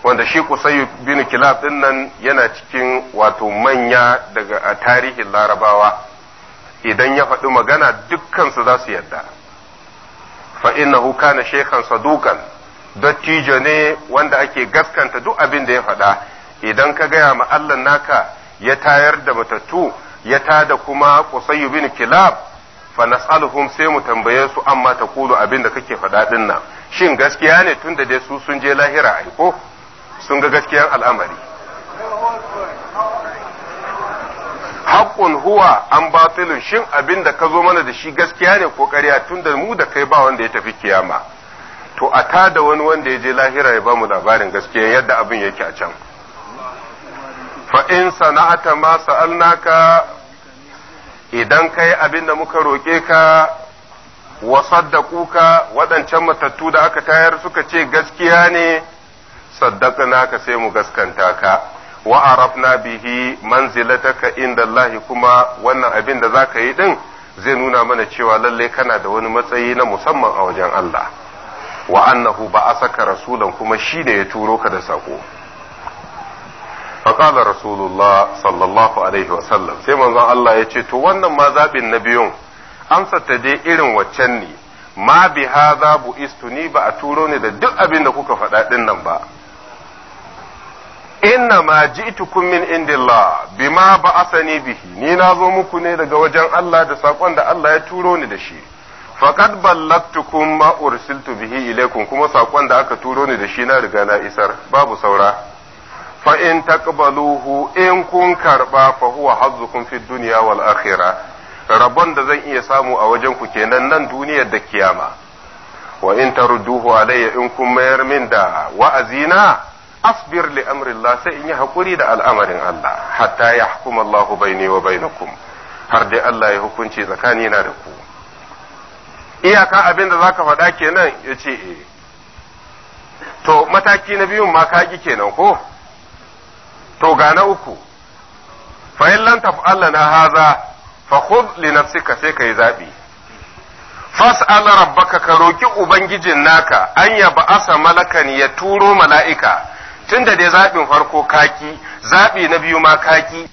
wanda shi kusayyu bin Kilab din nan yana cikin wato manya daga a tarihin Larabawa idan ya faɗi magana dukkansu za su yadda fa innahu kana shaykhan saduqan dattijo ne wanda ake gaskanta duk abin da ya faɗa idan ka gaya ma Allah naka ya tayar da matattu ya ta da kuma kusayyu bin kilab fa nas'aluhum sai mu tambaye su amma ta kulu abin da kake faɗa din nan shin gaskiya ne tunda dai su sun je lahira ai ko sun ga gaskiyar al'amari haqqun huwa an batilun shin abin da ka zo mana da shi gaskiya ne ko ƙarya tunda mu da kai ba wanda ya tafi kiyama to a ta da wani wanda ya je lahira ya ba mu labarin gaskiya yadda abin yake a can fa in sana'ata ma sa'alnaka idan kai abin da muka roƙe ka wa saddaquka waɗancan matattu da aka tayar suka ce gaskiya ne saddaqnaka naka sai mu gaskanta ka wa arafna bihi manzilataka inda Allah kuma wannan abin da zaka yi din zai nuna mana cewa lalle kana da wani matsayi na musamman a wajen Allah wa annahu saka rasulan kuma shi ne ya turo ka da sako kala rasulullah sallallahu alaihi sallam. sai manzon Allah ya ce to wannan ma zaɓin na biyun amsa ta dai irin waccan ne ma bi hadha bu ni ba a turo ne da duk abin da kuka faɗa din nan ba inna ma ji'tukum min indillah bima ba'asani bihi ni na zo muku ne daga wajen Allah da saƙon da Allah ya turo ni da shi faqad ballagtukum ma ursiltu bihi ilaikum kuma sakon da aka turo ni da shi na riga na isar babu saura fa in taqbaluhu in kun karba fa huwa hazzukum fid dunya wal akhirah da zan iya samu a wajen ku kenan nan duniyar da kiyama wa in tarduhu alayya in kun mayar min da wa'azina asbir li amrillah sai in yi hakuri da al'amarin Allah hatta yahkum Allahu baini wa bainakum har dai Allah ya hukunci tsakanina da ku iyaka abin da zaka faɗa kenan ya ce eh to mataki na biyun ma kagi kenan ko to ga na uku fa ta lan na haza fa khudh li nafsika sai kai zabi fas'al rabbaka ka roki ubangijin naka an ya ba'asa malakan ya turo mala'ika tunda dai zaɓin farko kaki zaɓi na biyu ma kaki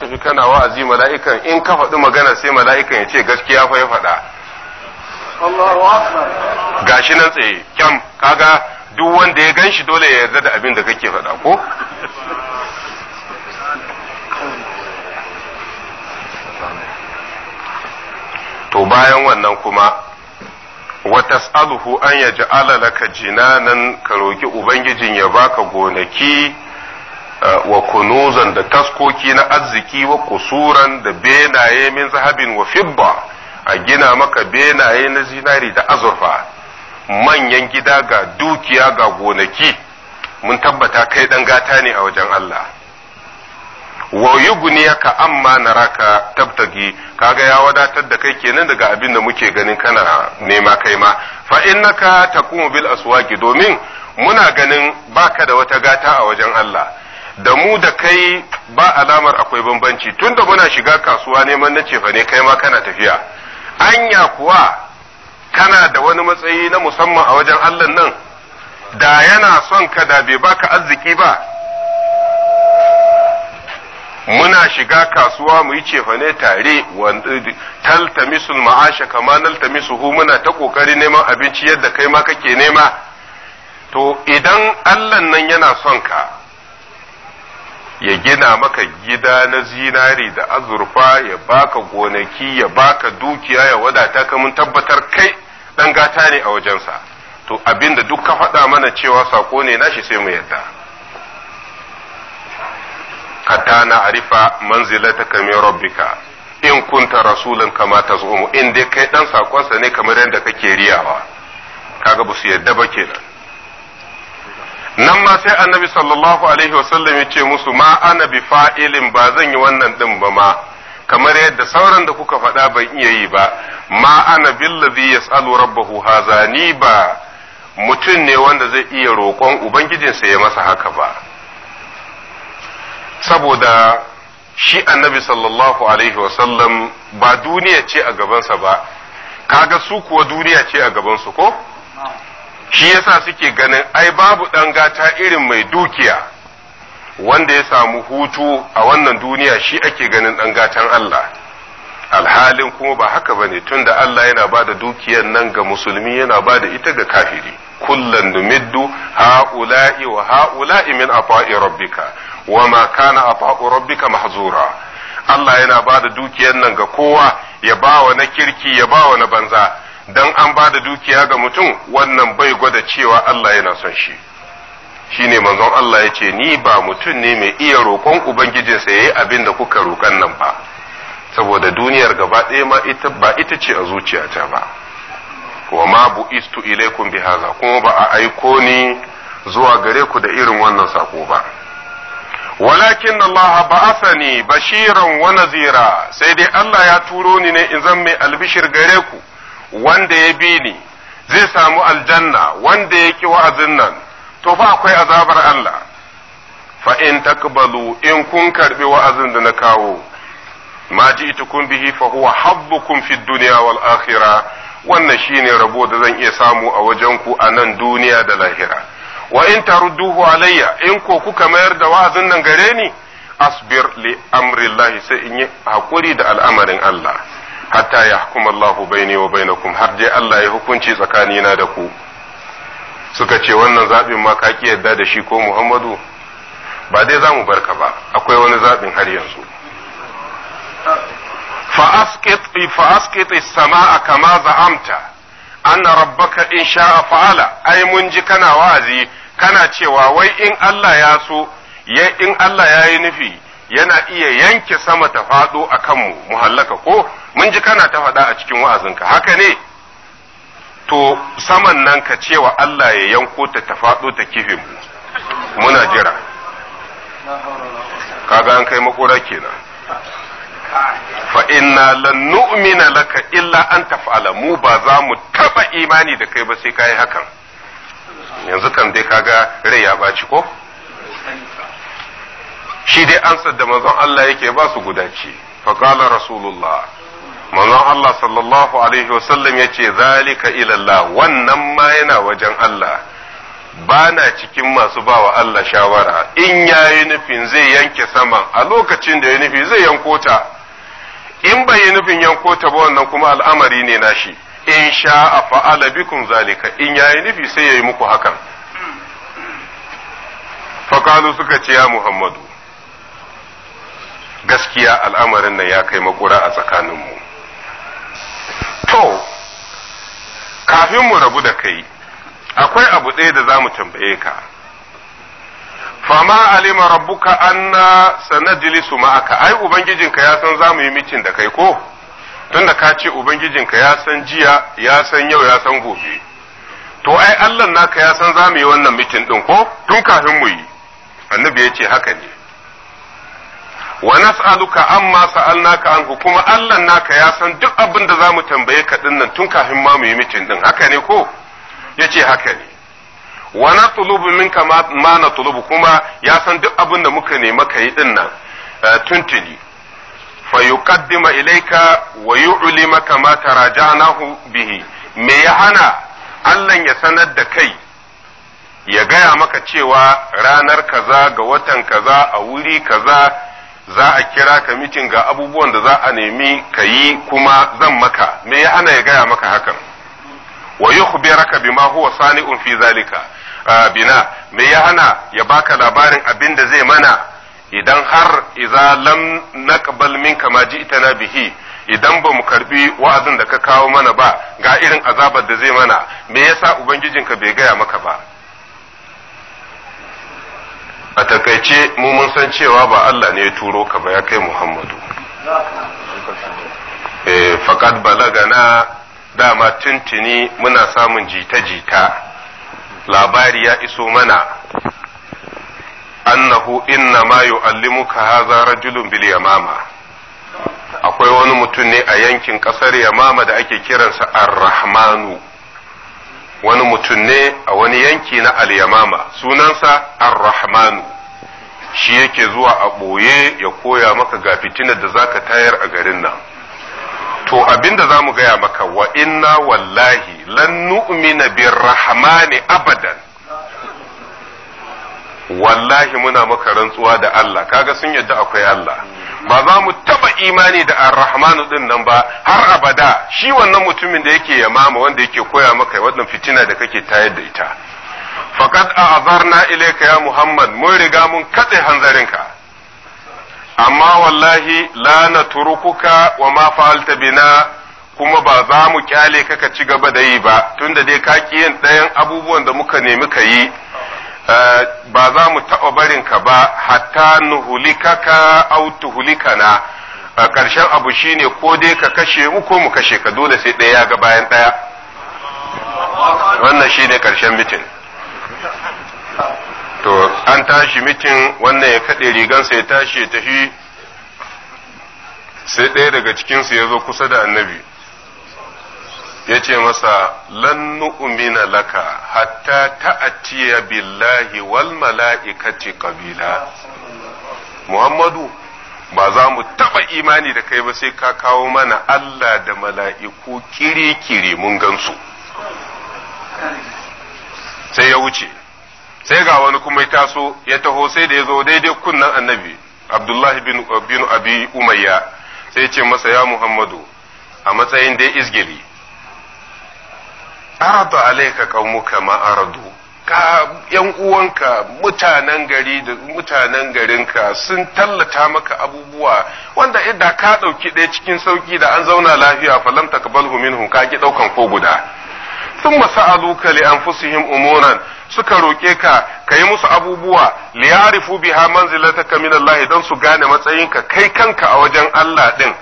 tafi kana wa'azi mala'ikan in ka faɗi magana sai mala'ikan ya ce gaskiya fa ya faɗa gashi nan tsaye kyam kaga duk wanda ya ganshi dole ya yarda da abin da kake faɗa ko to bayan wannan kuma wata an ya ka laka jinanan ka roki ubangijin ya baka gonaki wa kunuzan da taskoki na arziki wa kusuran da benaye min zahabin wa fibba a gina maka benaye na zinari da azurfa manyan gida ga dukiya ga gonaki mun tabbata kai dan gata ne a wajen Allah wa ka amma naraka tabtagi kaga ya wadatar da kai kenan daga abin da muke ganin kana nema kai ma fa innaka taqumu bil aswaqi domin muna ganin baka da wata gata a wajen Allah da mu da kai ba alamar akwai bambanci tunda muna shiga kasuwa neman na cefa ne kai ma kana tafiya anya kuwa kana da wani matsayi na musamman a wajen Allah nan da yana son ka da bai baka arziki ba muna shiga kasuwa mu yi cefane tare taltamisul ma'asha kama hu muna ta kokari neman abinci yadda kai ma kake nema to idan Allah nan yana son ka ya gina maka gida na zinari da azurfa ya baka gonaki ya baka dukiya ya wadata ka mun tabbatar kai dan gata ne a wajensa to abinda duk ka faɗa mana cewa sako ne nashi sai mu yadda hatta na arifa ka min rabbika in kunta rasulun kama mu in dai kai dan sakonsa ne kamar yadda kake riyawa kaga ba su yadda ba kenan nan ma sai annabi sallallahu alaihi wasallam ya ce musu ma ana bi fa'ilin ba zan yi wannan din ba ma kamar yadda sauran da kuka faɗa ban iya yi ba ma ana billazi yas'alu rabbahu haza ni ba mutum ne wanda zai iya roƙon ubangijinsa ya masa haka ba saboda shi annabi sallallahu alaihi wasallam ba duniya ce a gabansa ba kaga su kuwa duniya ce a gabansu ko shi yasa suke ganin ai babu ɗan gata irin mai dukiya wanda ya samu hutu a wannan duniya shi ake ganin ɗan gatan Allah alhalin kuma ba haka bane tunda Allah yana ba da dukiyar nan ga musulmi yana ba da ita ga kafiri kullan numiddu ha'ula'i wa ha'ula'i min afa'i rabbika wa ma kana afa'u rabbika mahzura Allah yana ba da dukiyar nan ga kowa ya ba wa na kirki ya ba wa na banza don an ba da dukiya ga mutum wannan bai gwada cewa Allah yana son shi shine manzon Allah ya ce ni ba mutum ne mai iya roƙon ubangijinsa yayi abin da kuka roƙan nan ba saboda duniyar gaba ɗaya ma ita ba ita ce a zuciyata ba wa ma istu ilaikum bihaza kuma ba a aiko ni zuwa gare ku da irin wannan sako ba walakin Allah ba'athani bashiran wa nazira sai dai Allah ya turo ni ne in zan mai albishir gare ku wanda ya bi ni zai samu aljanna wanda ya ki wa'azin nan to fa akwai azabar Allah fa in takbalu in kun karbi wa'azin da na kawo ma ji'tukum bihi fa huwa habbukum fid dunya wal akhirah wannan shine rabo da zan iya samu a wajen ku a nan duniya da lahira wa in tarudduhu alayya in ko kuka mayar da wa'azin nan gare ni asbir li amri Allah sai in yi hakuri da al'amarin Allah hatta ya hukuma Allahu baini wa bainakum har dai Allah ya hukunci tsakanina da ku suka ce wannan zaɓin ma ka ki yadda da shi ko Muhammadu ba dai za mu barka ba akwai wani zaɓin har yanzu فأسقط السماء كما زعمت أن ربك إن شاء فعل أي منجي كان وازي kana cewa wai in Allah ya so ya in Allah ya yi nufi yana iya yanke sama ta faɗo a kanmu mu hallaka ko mun ji kana ta faɗa a cikin wa'azinka haka ne to saman nan ka cewa Allah ya yanko ta ta faɗo ta kife mu muna jira kaga an kai makura kenan fa inna lan nu'mina laka illa an taf'ala mu ba za mu taba imani da kai ba sai kai hakan yanzu kan dai kaga rai ya baci ko shi dai ansar da manzon Allah yake ba su guda ce faƙala rasulullah manzon Allah sallallahu alaihi wasallam ya ce zalika ilallah wannan ma yana wajen Allah ba na cikin masu ba wa Allah shawara in ya yi nufin zai yanke saman a lokacin da ya nufi zai yanko ta in bai yi nufin yanko ta ba wannan kuma al'amari ne nashi in sha a fa'ala bikun zalika in ya yi nufi sai ya yi muku hakan fakalu suka ce ya muhammadu gaskiya al'amarin nan ya kai makura a tsakaninmu to kafin mu rabu da kai akwai abu ɗaya da za mu tambaye ka fama alima rabbuka anna sanajlisu ma'aka ai ubangijinka ya san za mu yi mitin da kai ko tunda ka ce ubangijinka ya san jiya ya san yau ya san gobe to ai Allah naka ya san za mu yi wannan mitin ɗin ko tun kafin mu yi annabi ya ce haka ne wa nas'aluka amma sa'alnaka an kuma Allah naka ya san duk abin da zamu tambaye ka nan tun kafin ma mu yi mitin din haka ne ko yace haka ne wa natlubu minka ma natlubu kuma ya san duk abin da muka nema ka yi nan. Eh, tuntuni fa yuqaddima ilayka wa yu'limaka ma taraja'nahu bihi me ya hana Allah ya sanar da kai ya gaya maka cewa ranar kaza ga watan kaza a wuri kaza za a kira ka mitin ga abubuwan da za a nemi ka yi kuma zan maka me ya ana ya gaya maka hakan wa yukhbiraka bima huwa sani'un fi zalika ah, bina me ya hana ya baka labarin abin da zai mana idan har idza lam naqbal minka ma na bihi idan ba mu karbi wa'azin da ka kawo mana ba ga irin azabar da zai mana me yasa ubangijinka bai gaya maka ba a takaice mu mun san cewa ba Allah ne ya turo ka ba ya kai Muhammadu eh faqad balagana dama tuntuni muna samun jita-jita labari ya iso mana annahu inna ma yu'allimuka hadha rajulun bil yamama akwai wani mutum ne a yankin kasar yamama da ake kiransa ar-rahmanu wani mutum ne a wani yanki na alyamama sunansa ar-rahmanu shi yake zuwa a ɓoye ya koya maka ga fitinar da zaka tayar a garin nan to abinda mu gaya maka wa inna wallahi lan nu'mina birrahmani abadan wallahi muna maka rantsuwa da Allah kaga sun yadda akwai Allah ba za mu taba imani da ar-rahmanu din nan ba har abada shi wannan mutumin da yake mama wanda yake koya maka wannan fitina da kake tayar da ita faqad a'zarna ilayka ya muhammad mun riga mun katse hanzarinka amma wallahi la naturukuka wa ma fa'alta bina kuma ba za mu kyale ka ka ci gaba da yi ba tunda dai ka yin ɗayan abubuwan da muka nemi ka yi Eh, ba za mu taɓa barin ka ba hatta ka au tuhulika a eh, ƙarshen abu shine ko dai ka kashe mu ko mu kashe ka dole sai ɗaya ga bayan ɗaya wannan shine ƙarshen mitin to an tashi mitin wannan ya kaɗe rigansa ya tashi ya tafi sai ɗaya daga cikinsu ya zo kusa da annabi ya ce masa lan nu'mina laka hatta ta'atiya billahi wal mala'ikati qabila Muhammadu ba za mu taba imani da kai ba sai ka kawo mana Allah da mala'iku kiri-kiri mun gansu sai ya wuce sai ga wani kuma ya taso ya taho sai da ya zo daidai kunnan annabi Abdullahi bin Abi Umayya sai ya ce masa ya Muhammadu a matsayin dai izgili arada alaika qaumuka ma aradu ka yan uwanka mutanen gari da mutanen garinka sun tallata maka abubuwa wanda idan ka dauki ɗaya cikin sauki da an zauna lafiya falam takbalhu minhum ka ki daukan ko guda sun sa'aluka li anfusihim umuran suka roke ka ka yi musu abubuwa liyarifu biha manzilataka min Allah dan su gane matsayinka kai kanka a wajen Allah din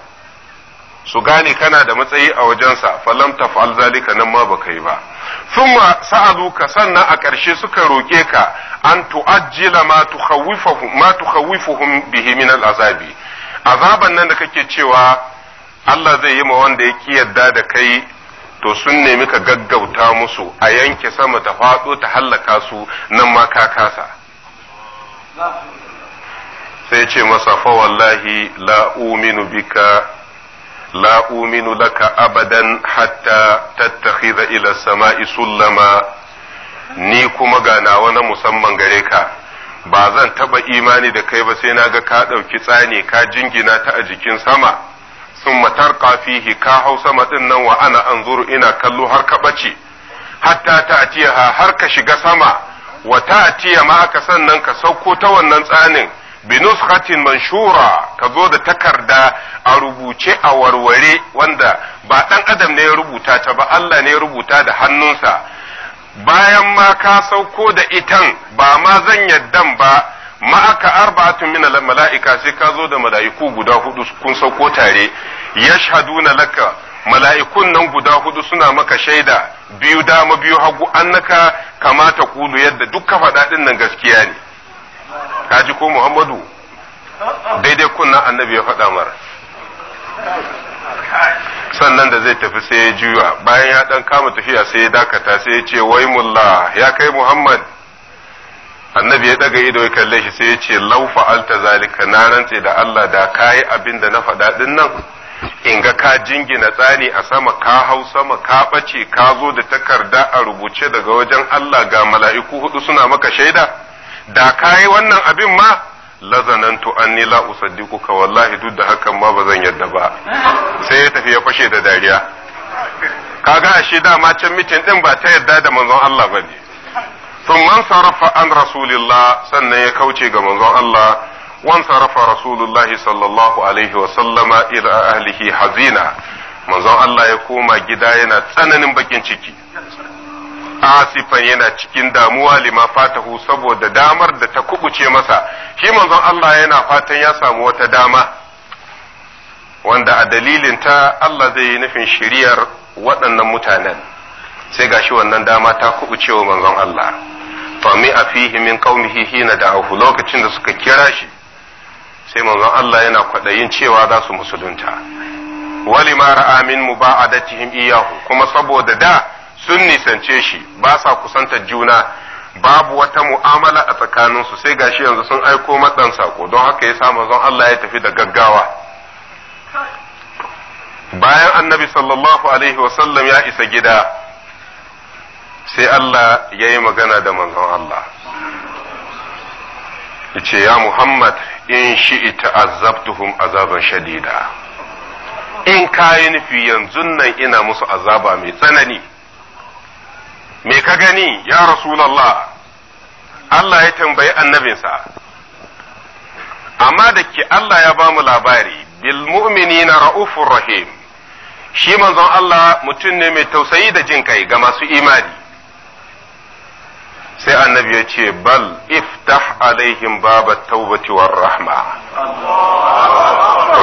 su gane kana da matsayi a wajensa falam taf'al zalika nan ma baka yi ba thumma ka sannan a ƙarshe suka roke ka an tu'ajjila ma tukhawwifuhum ma tukhawwifuhum bihi min al'azabi azaban nan da kake cewa Allah zai yi ma wanda ya yarda da kai to sun nemi ka gaggauta musu a yanke sama ta faɗo ta hallaka su nan ma ka kasa sai ce masa fa wallahi la uminu bika la uminu laka abadan hatta tattakhidha ila sama'i sullama ni kuma ga nawa na musamman gare ka ba zan taba imani da kai ba sai na ga ka ɗauki tsani ka jingina ta a jikin sama sun matar fihi ka hau sama ɗin nan wa ana anzuru ina kallo har ka ɓace hatta ta ha, har ka shiga sama wa ta atiya ma aka sannan ka sauko ta wannan tsanin bi nuskhatin manshura ka zo da takarda a rubuce a warware wanda ba dan adam ne ya rubuta ta ba Allah ne ya rubuta da hannunsa bayan ma ka sauko da itan ba ma zan yaddan ba ma'aka arba'atun min mala'ika sai ka zo da mala'iku guda hudu kun sauko tare yashhaduna laka mala'ikun nan guda hudu suna maka shaida biyu dama biyu hagu annaka kamata kulu yadda duk faɗaɗin nan gaskiya ne Ka ji ko Muhammadu daidai kunna annabi ya faɗa mara sannan da zai tafi sai ya juya bayan ya ɗan kama tafiya sai ya dakata sai ya ce wai mulla ya kai Muhammad annabi ya ɗaga ido ya kalle shi sai ya ce laufa alta zalika na rantse da Allah da kayi abin da na faɗa ɗin nan in ga ka jingina tsani a sama ka hau sama ka ɓace ka zo da takarda a rubuce daga wajen Allah ga mala'iku huɗu suna maka shaida da kayi wannan abin ma lazanantu anni la ka wallahi duk da hakan ma ba zan yadda ba sai ya tafi ya fashe da dariya kaga ashe dama can mitin din ba ta yadda da manzon Allah bane Sarafa an Rasulillah sannan ya kauce ga Manzon Allah, wan Sarafa rasulullah sallallahu alaihi wa sallama ila ahlihi hazina manzon Allah ya koma gida yana tsananin bakin ciki asifan yana cikin damuwa lima fatahu saboda damar da ta kubuce masa shi manzon Allah yana fatan ya samu wata dama wanda a dalilin ta Allah zai yi nufin shiriyar waɗannan mutanen sai gashi wannan dama ta kubuce wa manzon Allah fami a fihi min qaumihi hina da ahu lokacin da suka kira shi sai manzon Allah yana kwaɗayin cewa za su musulunta walima ra'a min muba'adatihim iyahu kuma saboda da sun nisance shi ba sa kusantar juna babu wata mu'amala a tsakaninsu sai gashi yanzu sun aiko matsan sako don haka ya sa manzon Allah ya tafi da gaggawa bayan annabi sallallahu alaihi wasallam ya isa gida sai Allah ya yi magana da manzon Allah yace ya Muhammad in ita azabtuhum azaban shadida in kayi nufi yanzu nan ina musu azaba mai tsanani me ka gani ya rasulallah Allah ya tambayi annabinsa amma da ke Allah ya ba mu labari bil mu'minina ra'ufur rahim shi manzon Allah mutum ne mai tausayi da jin kai ga masu imani sai annabi ya ce bal iftah alaihim baba taubati war rahma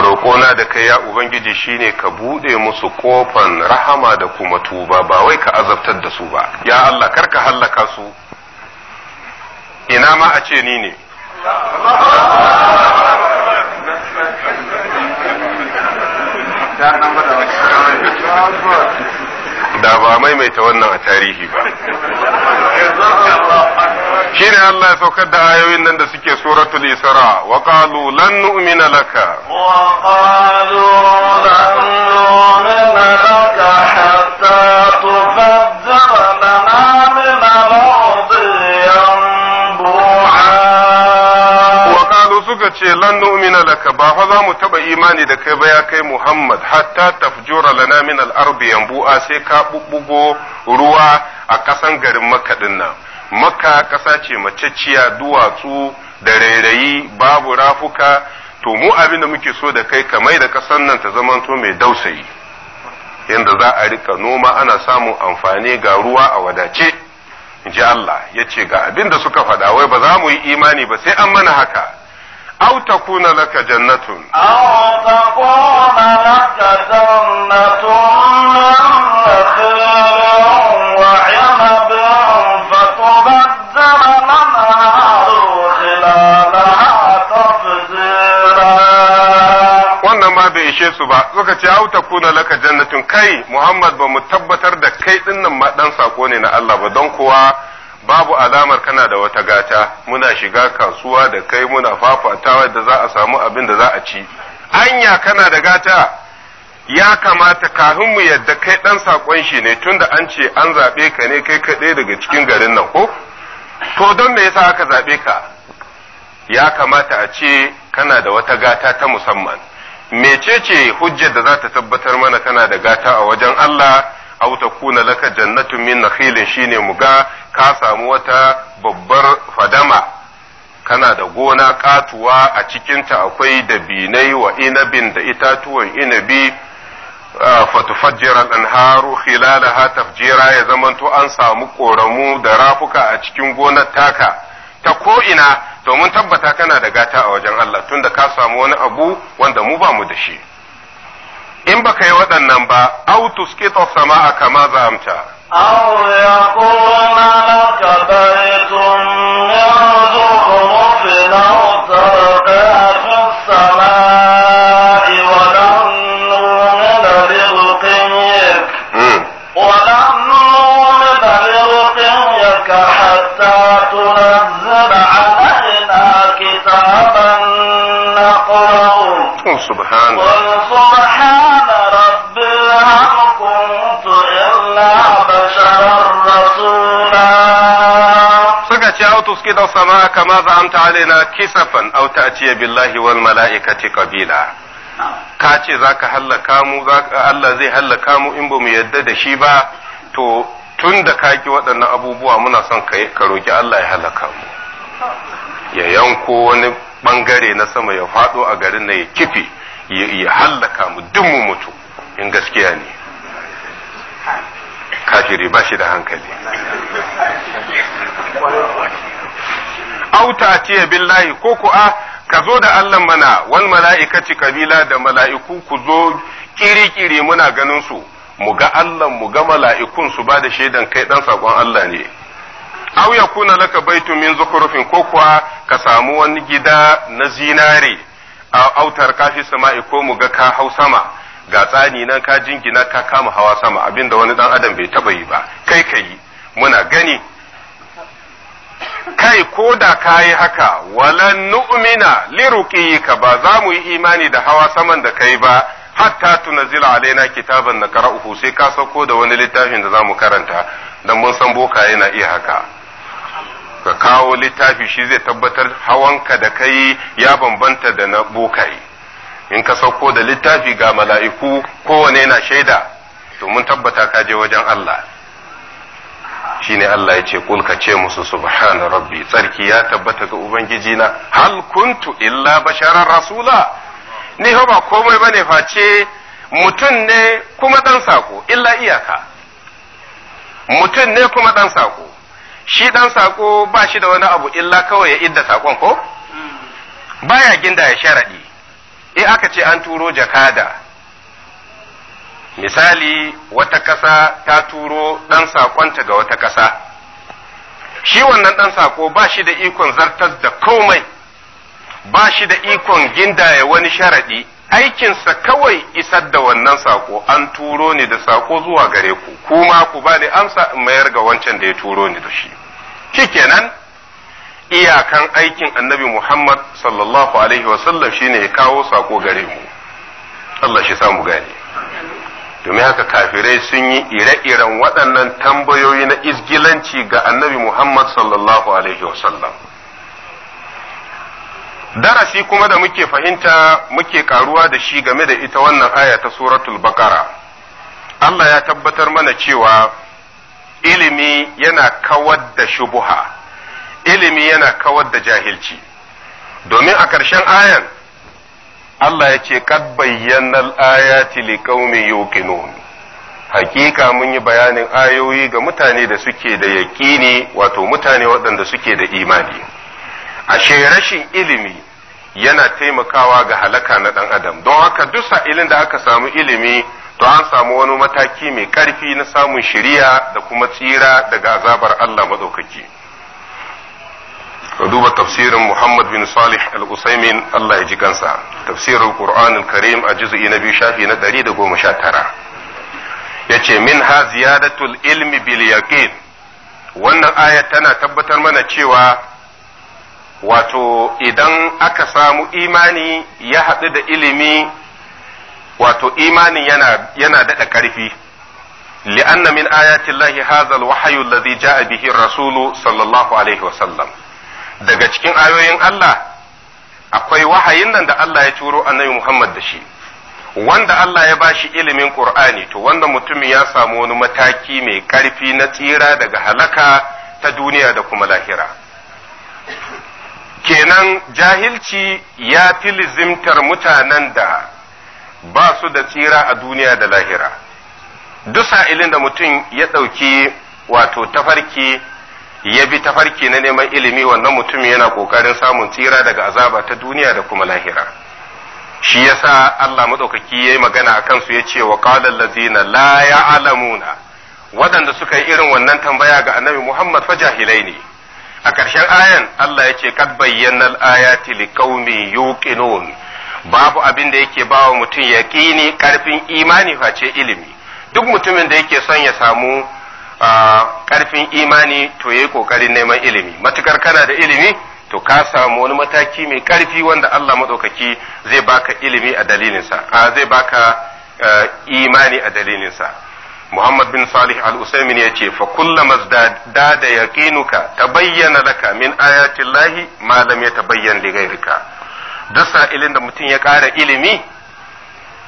roƙona da kai ya ubangiji shine ka buɗe musu ƙofan rahama da kuma tuba ba wai ka azabtar da su ba ya Allah kar ka hallaka su ina ma a ce ni ne da ba maimaita wannan a tarihi ba shine Allah ya saukar da ayoyin nan da suke suratu lisara wa qalu lan nu'mina laka wa qalu lan nu'mina laka hatta tufa suka ce lan nu'mina laka ba fa za mu taba imani da kai ba ya kai Muhammad hatta tafjura lana min al-ardi yanbu'a sai ka bubbugo ruwa a kasan garin Makka nan Makka kasa ce maceciya duwatsu da rairayi babu rafuka to mu abin da muke so da kai kamar da kasan nan ta zamanto mai dausayi yanda za a rika noma ana samun amfani ga ruwa a wadace in ji Allah ya ce ga abin da suka faɗa wai ba za mu yi imani ba sai an mana haka أو تكون لك جنة أو تكون لك جنة من نخيل وعنب فتبدل خلالها wannan ma bai ishe su ba suka ce au ta kuna laka jannatin kai Muhammad ba mu tabbatar da kai dinnan ma dan sako ne na Allah ba don kuwa babu alamar kana da wata gata muna shiga kasuwa da kai muna fafatawa da za a samu abin da za a ci anya kana da gata ya kamata kafin mu yadda kai dan sakon shi ne tunda an ce an zabe ka ne kai kaɗai daga cikin garin nan ko to don me yasa aka zabe ka ya kamata a ce kana da wata gata ta musamman mecece hujjar da za ta tabbatar mana kana da gata a wajen Allah aw takuna laka jannatu min nakhilin shine mu ga ka samu wata babbar fadama kana da gona katuwa a cikinta akwai dabinai wa inabin da itatuwan inabi fatufajjira al-anharu khilalaha tafjira ya zamanto an samu koramu da rafuka a cikin gonar taka ta ko ina domin tabbata kana da gata a wajen Allah tunda ka samu wani abu wanda mu ba mu da shi in baka yi waɗannan ba au tusqita sama'a kama za'amta aw yaqulu malaka baytum yarzuqu fil سبحان سبحان ربي هل كنت إلا بشرا رسولا suka ce suke tuskida sama kama za'amta alaina kisafan au ta'tiya billahi wal mala'ikati kabila ka ce zaka hallaka mu Allah zai hallaka mu in ba mu yadda da shi ba to tun da ka ki waɗannan abubuwa muna son ka roki Allah ya hallaka mu ya yanko wani bangare na sama ya faɗo a garin na ya kifi ya hallaka mu duk mu mutu in gaskiya ne kafiri ba shi da hankali auta ce billahi ko ku a ka zo da Allah mana wal mala'ikaci kabila da mala'iku ku zo kiri-kiri muna ganin su mu ga Allah mu ga mala'ikun su ba da shaidan kai dan sakon Allah ne aw yakuna laka baitu min zukhrufin ko kuwa ka samu wani gida na zinare a autar kafi sama'i ko mu ga ka hau sama ga tsani nan ka jingina ka kama hawa sama abinda wani dan adam bai taba yi ba kai kai muna gani kai ko da ka yi haka walan nu'mina ka ba za mu yi imani da hawa saman da kai ba hatta tunazila alaina kitaban na qara'uhu sai ka sauko da wani littafin da za mu karanta dan mun san boka yana iya haka ka kawo littafi shi zai tabbatar hawanka da kai ya bambanta da na bokaye in ka sauko da littafi ga mala'iku kowane yana shaida to tabbata ka je wajen Allah Shi ne Allah ya ce kul ce musu subhana rabbi tsarki ya tabbata ga ubangiji na hal kuntu illa basharar rasula ni ba komai bane face mutum ne kuma dan sako illa iyaka mutum ne kuma dan sako shi ɗan saƙo ba shi da wani abu illa kawai ya idda sakon ko baya ginda ya sharadi in aka ce an turo jakada misali wata ƙasa ta turo ɗan saƙonta ga wata ƙasa shi wannan ɗan sako ba shi da ikon zartas da komai ba shi da ikon ginda ya wani sharaɗi aikinsa kawai isar da wannan sako an turo ni da sako zuwa gare ku kuma ku bani amsa in mayar ga wancan da ya turo ni da shi shikenan iyakan aikin annabi Muhammad sallallahu alaihi wasallam shine ya kawo sako gare mu Allah shi samu gane domin haka kafirai sun yi ire-iren waɗannan tambayoyi na izgilanci ga annabi Muhammad sallallahu alaihi wasallam darasi kuma da muke fahimta muke karuwa da shi game da ita wannan aya ta suratul bakara Allah ya tabbatar mana cewa ilimi yana kawar da shubuha ilimi yana kawar da jahilci domin a ƙarshen ayan Allah ya ce kad bayyana ayati liqaumin yuqinun hakika mun yi bayanin ayoyi ga mutane da suke da yaƙini wato mutane waɗanda suke da imani ashe rashin ilimi yana taimakawa ga halaka na ɗan adam don haka duk sa'ilin da aka samu ilimi to an samu wani mataki mai ƙarfi na samun shiriya da kuma tsira daga azabar Allah maɗaukaki duba tafsirin Muhammad bin Salih al-Usaimin Allah ya ji kansa tafsirin Qur'an karim a juz'i na biyu shafi na Ya ce min ha ziyadatul ilmi bil yaqin wannan aya tana tabbatar mana cewa wato idan aka samu imani ya haɗu da ilimi wato imanin yana yana daɗa ƙarfi li'anna min ayati llahi hadha alwahyu alladhi ja'a rasulu sallallahu alaihi wasallam daga cikin ayoyin Allah akwai wahayin nan da Allah ya turo annabi Muhammad da shi wanda Allah ya bashi ilimin Qur'ani to wanda mutum ya samu wani mataki mai ƙarfi na tsira daga halaka ta duniya da kuma lahira kenan jahilci ya fi lizimtar mutanen da ba su da tsira a duniya da lahira duk sa'ilin da mutum ya ɗauki wato tafarki ya bi tafarki na neman ilimi wannan mutum yana ƙoƙarin samun tsira daga azaba ta duniya da kuma lahira shi yasa Allah maɗaukaki ya yi magana a kansu ya ce wa ƙalar lazina la ya na waɗanda suka yi irin wannan tambaya ga annabi Muhammad fa jahilai ne a ƙarshen ayan Allah ya ce kad bayyana ayati liqaumi yuqinun babu abin da yake bawa mutum yaqini ƙarfin imani face ilimi duk mutumin da yake son ya samu karfin imani to yayi kokarin neman ilimi matukar kana da ilimi to ka samu wani mataki mai ƙarfi wanda Allah madaukaki zai baka ilimi a dalilinsa zai baka imani a dalilinsa Muhammad bin Salih al-Usaimin ya ce, fa kullama da da ta bayyana laka min ayatin lahi ma lam yatabayyan li ghayrika. Duk sa'ilin mutum ya ƙara ilimi,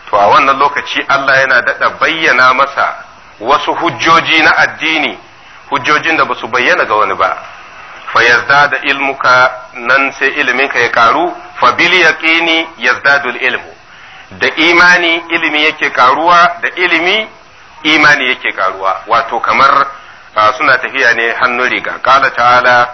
to a wannan lokaci Allah yana daɗa bayyana masa wasu hujjoji na addini, hujjojin da basu bayyana ga wani ba. Fa yazda da ilmuka nan sai iliminka ya ƙaru fa bil yaqini yazdadul ilmu. Da imani ilimi yake ƙaruwa da ilimi imani yake karuwa wato kamar ah, suna tafiya ne hannun riga kala ta'ala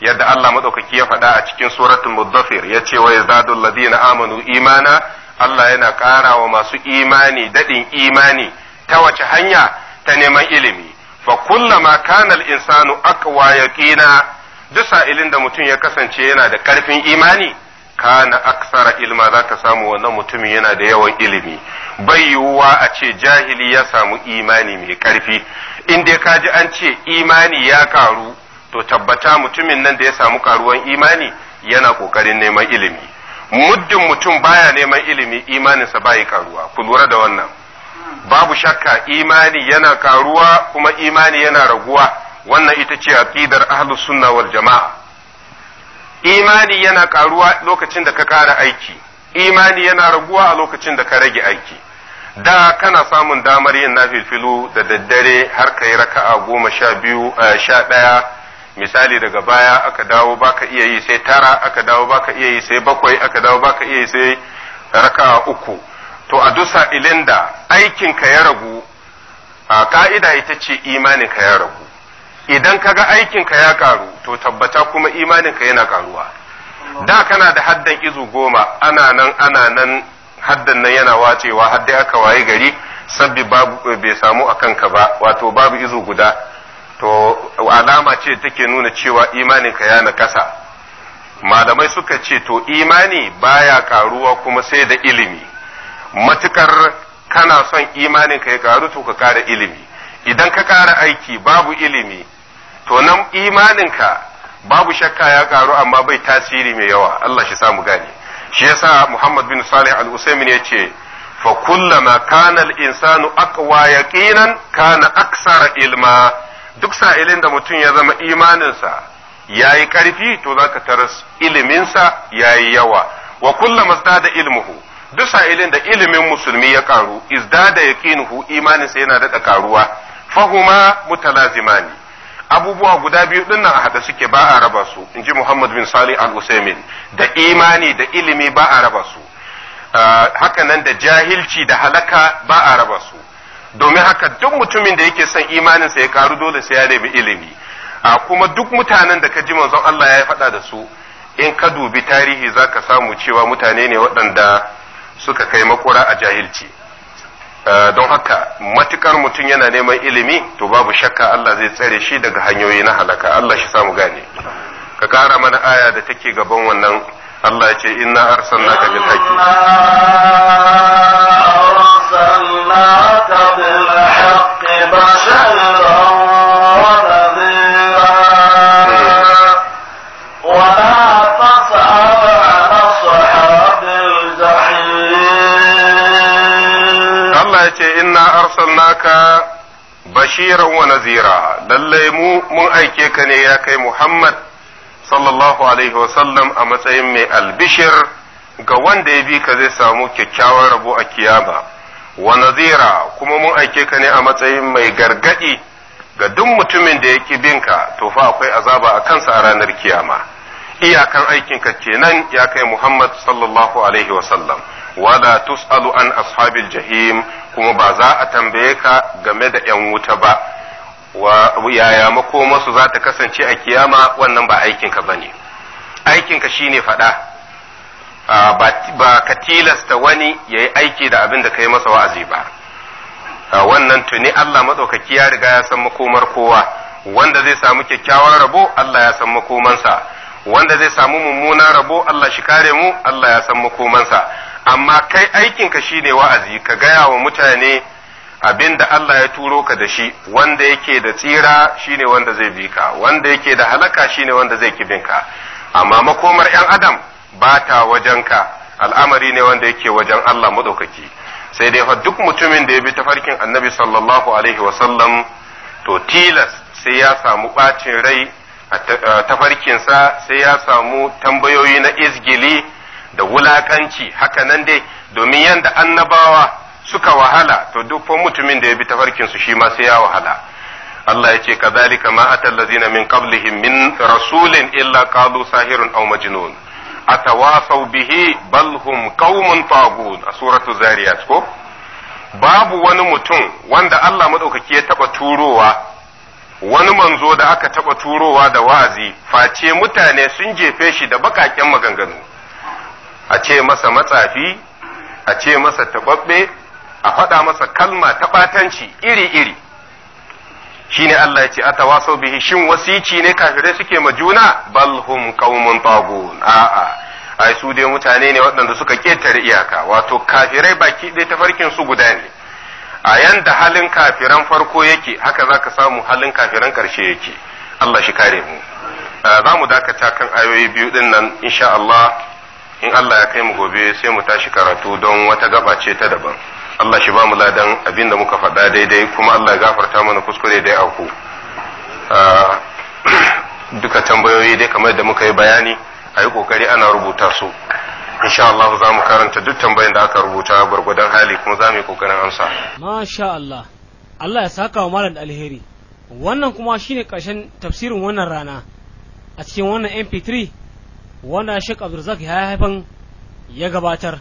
yadda Allah madaukaki ya faɗa a cikin suratul muddathir yace wa yazadul ladina amanu imana Allah yana ƙara wa masu imani daɗin imani ta wace hanya ta neman ilimi fa kullama kana al-insanu aqwa yaqina duk sa'ilin da mutum ya kasance yana da ƙarfin imani kana aksara ilma za ka samu wannan mutumin yana da yawan ilimi bai yiwuwa a ce jahili ya samu imani mai karfi in dai ka ji an ce imani ya karu to tabbata mutumin nan da ya samu karuwan imani yana kokarin neman ilimi muddin mutum baya neman ilimi imaninsa bai karuwa ku lura da wannan babu shakka imani yana karuwa kuma imani yana raguwa wannan ita ce aqidar ahlus sunna wal jama'a imani yana karuwa lokacin da ka ƙara aiki imani yana raguwa a lokacin da ka rage aiki da kana samun damar yin nafilfilu da daddare har ka yi raka'a goma sha biyu sha ɗaya misali daga baya aka dawo baka iya yi sai tara aka dawo baka iya yi sai bakwai aka dawo baka iya yi sai raka'a uku to a dusa ilinda da ka ya ragu a ka'ida ita ce imanin ka ya ragu idan ka ga aikinka ya karu to tabbata kuma imaninka yana karuwa da kana da haddan izu goma ana nan ana nan haddan nan yana wacewa har aka waye gari sabbi babu eh, bai samu a kanka ba wato babu izu guda to alama ce take nuna cewa imaninka ya nakasa malamai suka ce to imani baya karuwa kuma sai da ilimi matukar kana son imaninka ya karu to ka kara ilimi idan ka kara aiki babu ilimi to nan imaninka babu shakka ya karu amma bai tasiri mai yawa Allah shi samu gani shi yasa Muhammad bin Salih al-Usaimin ce, fa kullama kana al-insanu aqwa yaqinan kana aksara ilma duk sa'ilin da mutum ya zama imaninsa yayi karfi to zaka taras iliminsa yayi yawa wa kullama zada ilmuhu duk sa'ilin da ilimin musulmi ya karu izdada yaqinuhu imaninsa yana daɗa karuwa fahuma mutalazimani abubuwa guda biyu din nan a haɗa suke ba a raba su in ji Muhammad bin Salih al-Usaimin da imani da ilimi ba a raba su ah, haka nan da jahilci da halaka ba a raba su domin haka duk mutumin da yake son imaninsa ya karu dole sai ya nemi ilimi a ah, kuma duk mutanen da ka ji manzon Allah ya faɗa da su in ka dubi tarihi zaka samu cewa mutane ne waɗanda suka kai makura a jahilci Eh, don haka matukar mutum yana neman ilimi to babu shakka Allah zai tsare shi daga hanyoyi na halaka Allah shi samu gane ka kara mana aya da take gaban wannan Allah ya ce inna arsalnaka bil haqqi arsalnaka bil haqqi basharan Allah ya ce ina arsalnaka bashiran wa nazira lallai mu mun aike ka ne ya kai Muhammad sallallahu alaihi wasallam a matsayin mai albishir ga wanda ya bi ka zai samu kyakkyawan rabo a kiyama wa nazira kuma mun aike ka ne a matsayin mai gargadi ga duk mutumin da yake bin ka to fa akwai azaba a kansa a ranar kiyama iyakan aikinka kenan ya kai Muhammad sallallahu alaihi wasallam wala tus'alu an ashabil jahim kuma ba za a tambaye ka game da ‘yan wuta ba, wa yaya makomarsu za ta kasance a kiyama wannan ba aikinka ba ne, aikinka shi ne faɗa, ba ka tilasta wani ya yi aiki da abin da ka yi masa wa'azi ba. Wannan tuni Allah maɗaukaki ya riga ya san makomar kowa, wanda zai samu kyakkyawan rabo Allah ya san makomansa. wanda zai samu mummunan rabo Allah shi kare mu Allah ya san makomansa amma kai aikinka shine wa'azi ka gaya wa mutane abin da Allah ya turo ka da shi wanda yake da tsira shine wanda zai bi ka wanda yake da halaka shine wanda zai kibin ka amma makomar ‘yan adam ba ta ka al'amari ne wanda yake wajen Allah maɗaukaki sai dai fa duk mutumin da ya bi tafarkin annabi sallallahu alaihi wasallam to tilas sai ya samu ɓacin rai a tafarkinsa sai ya samu tambayoyi na izgili da wulakanci haka nan dai domin yadda annabawa suka wahala to duk fa mutumin da ya bi tafarkinsu shi ma sai ya wahala Allah ya ce kazalika ma atal ladina min qablihim min rasulin illa qalu sahirun aw majnun atawasaw bihi bal hum qaumun tagun a suratu zariyat ko babu wani mutum wanda Allah madaukaki ya taba turowa wani manzo da aka taba turowa da wazi face mutane sun jefe shi da bakaken maganganu a ce masa matsafi a ce masa taɓaɓɓe a faɗa masa kalma ta ɓatanci iri-iri Shi ne Allah ya ce a tawasau bihi shin wasici ne kafirai suke ma juna bal hum qaumun tagun a'a ai su dai mutane ne waɗanda suka ketare iyaka wato kafirai baki ɗaya farkin su guda ne a yanda halin kafiran farko yake haka zaka samu halin kafiran ƙarshe yake Allah shi kare mu za mu dakata kan ayoyi biyu ɗin nan insha Allah in Allah ya kai mu gobe sai mu tashi karatu don wata gaba ce ta daban Allah shi ba mu ladan abinda muka faɗa daidai kuma Allah ya gafarta mana kuskure da ya auku ah, <clears throat> duka tambayoyi dai kamar da muka yi bayani a yi kokari ana rubuta su insha Allah za mu karanta duk tambayin da aka rubuta gwargwadon hali kuma za mu yi kokarin amsa masha Allah Allah ya saka wa malam alheri wannan kuma shine karshen tafsirin wannan rana a cikin wannan mp3 wanda Sheikh Abdulrazak ya haifan ya gabatar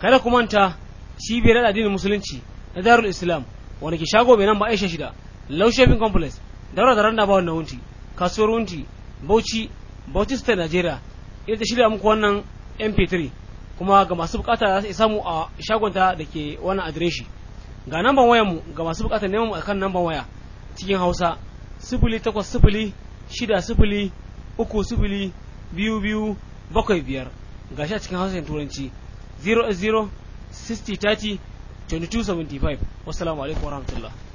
kada ku manta cibiyar addinin musulunci na Darul Islam wanda ke shago mai nan ba Aisha shida Low Shopping Complex daura da randa ba wannan wunti kasuwar wunti Bauchi Bauchi State Nigeria ita ta shirya muku wannan MP3 kuma ga masu bukata za su samu a shagonta da ke wannan adireshi ga namban wayar mu ga masu bukata neman mu akan namban waya cikin Hausa sifili sifili shida sifili uku biyu biyu bakwai biyar ga shi a cikin hausa turanci 0 0 60 30 22 75 wasu alaikum warahmatullahi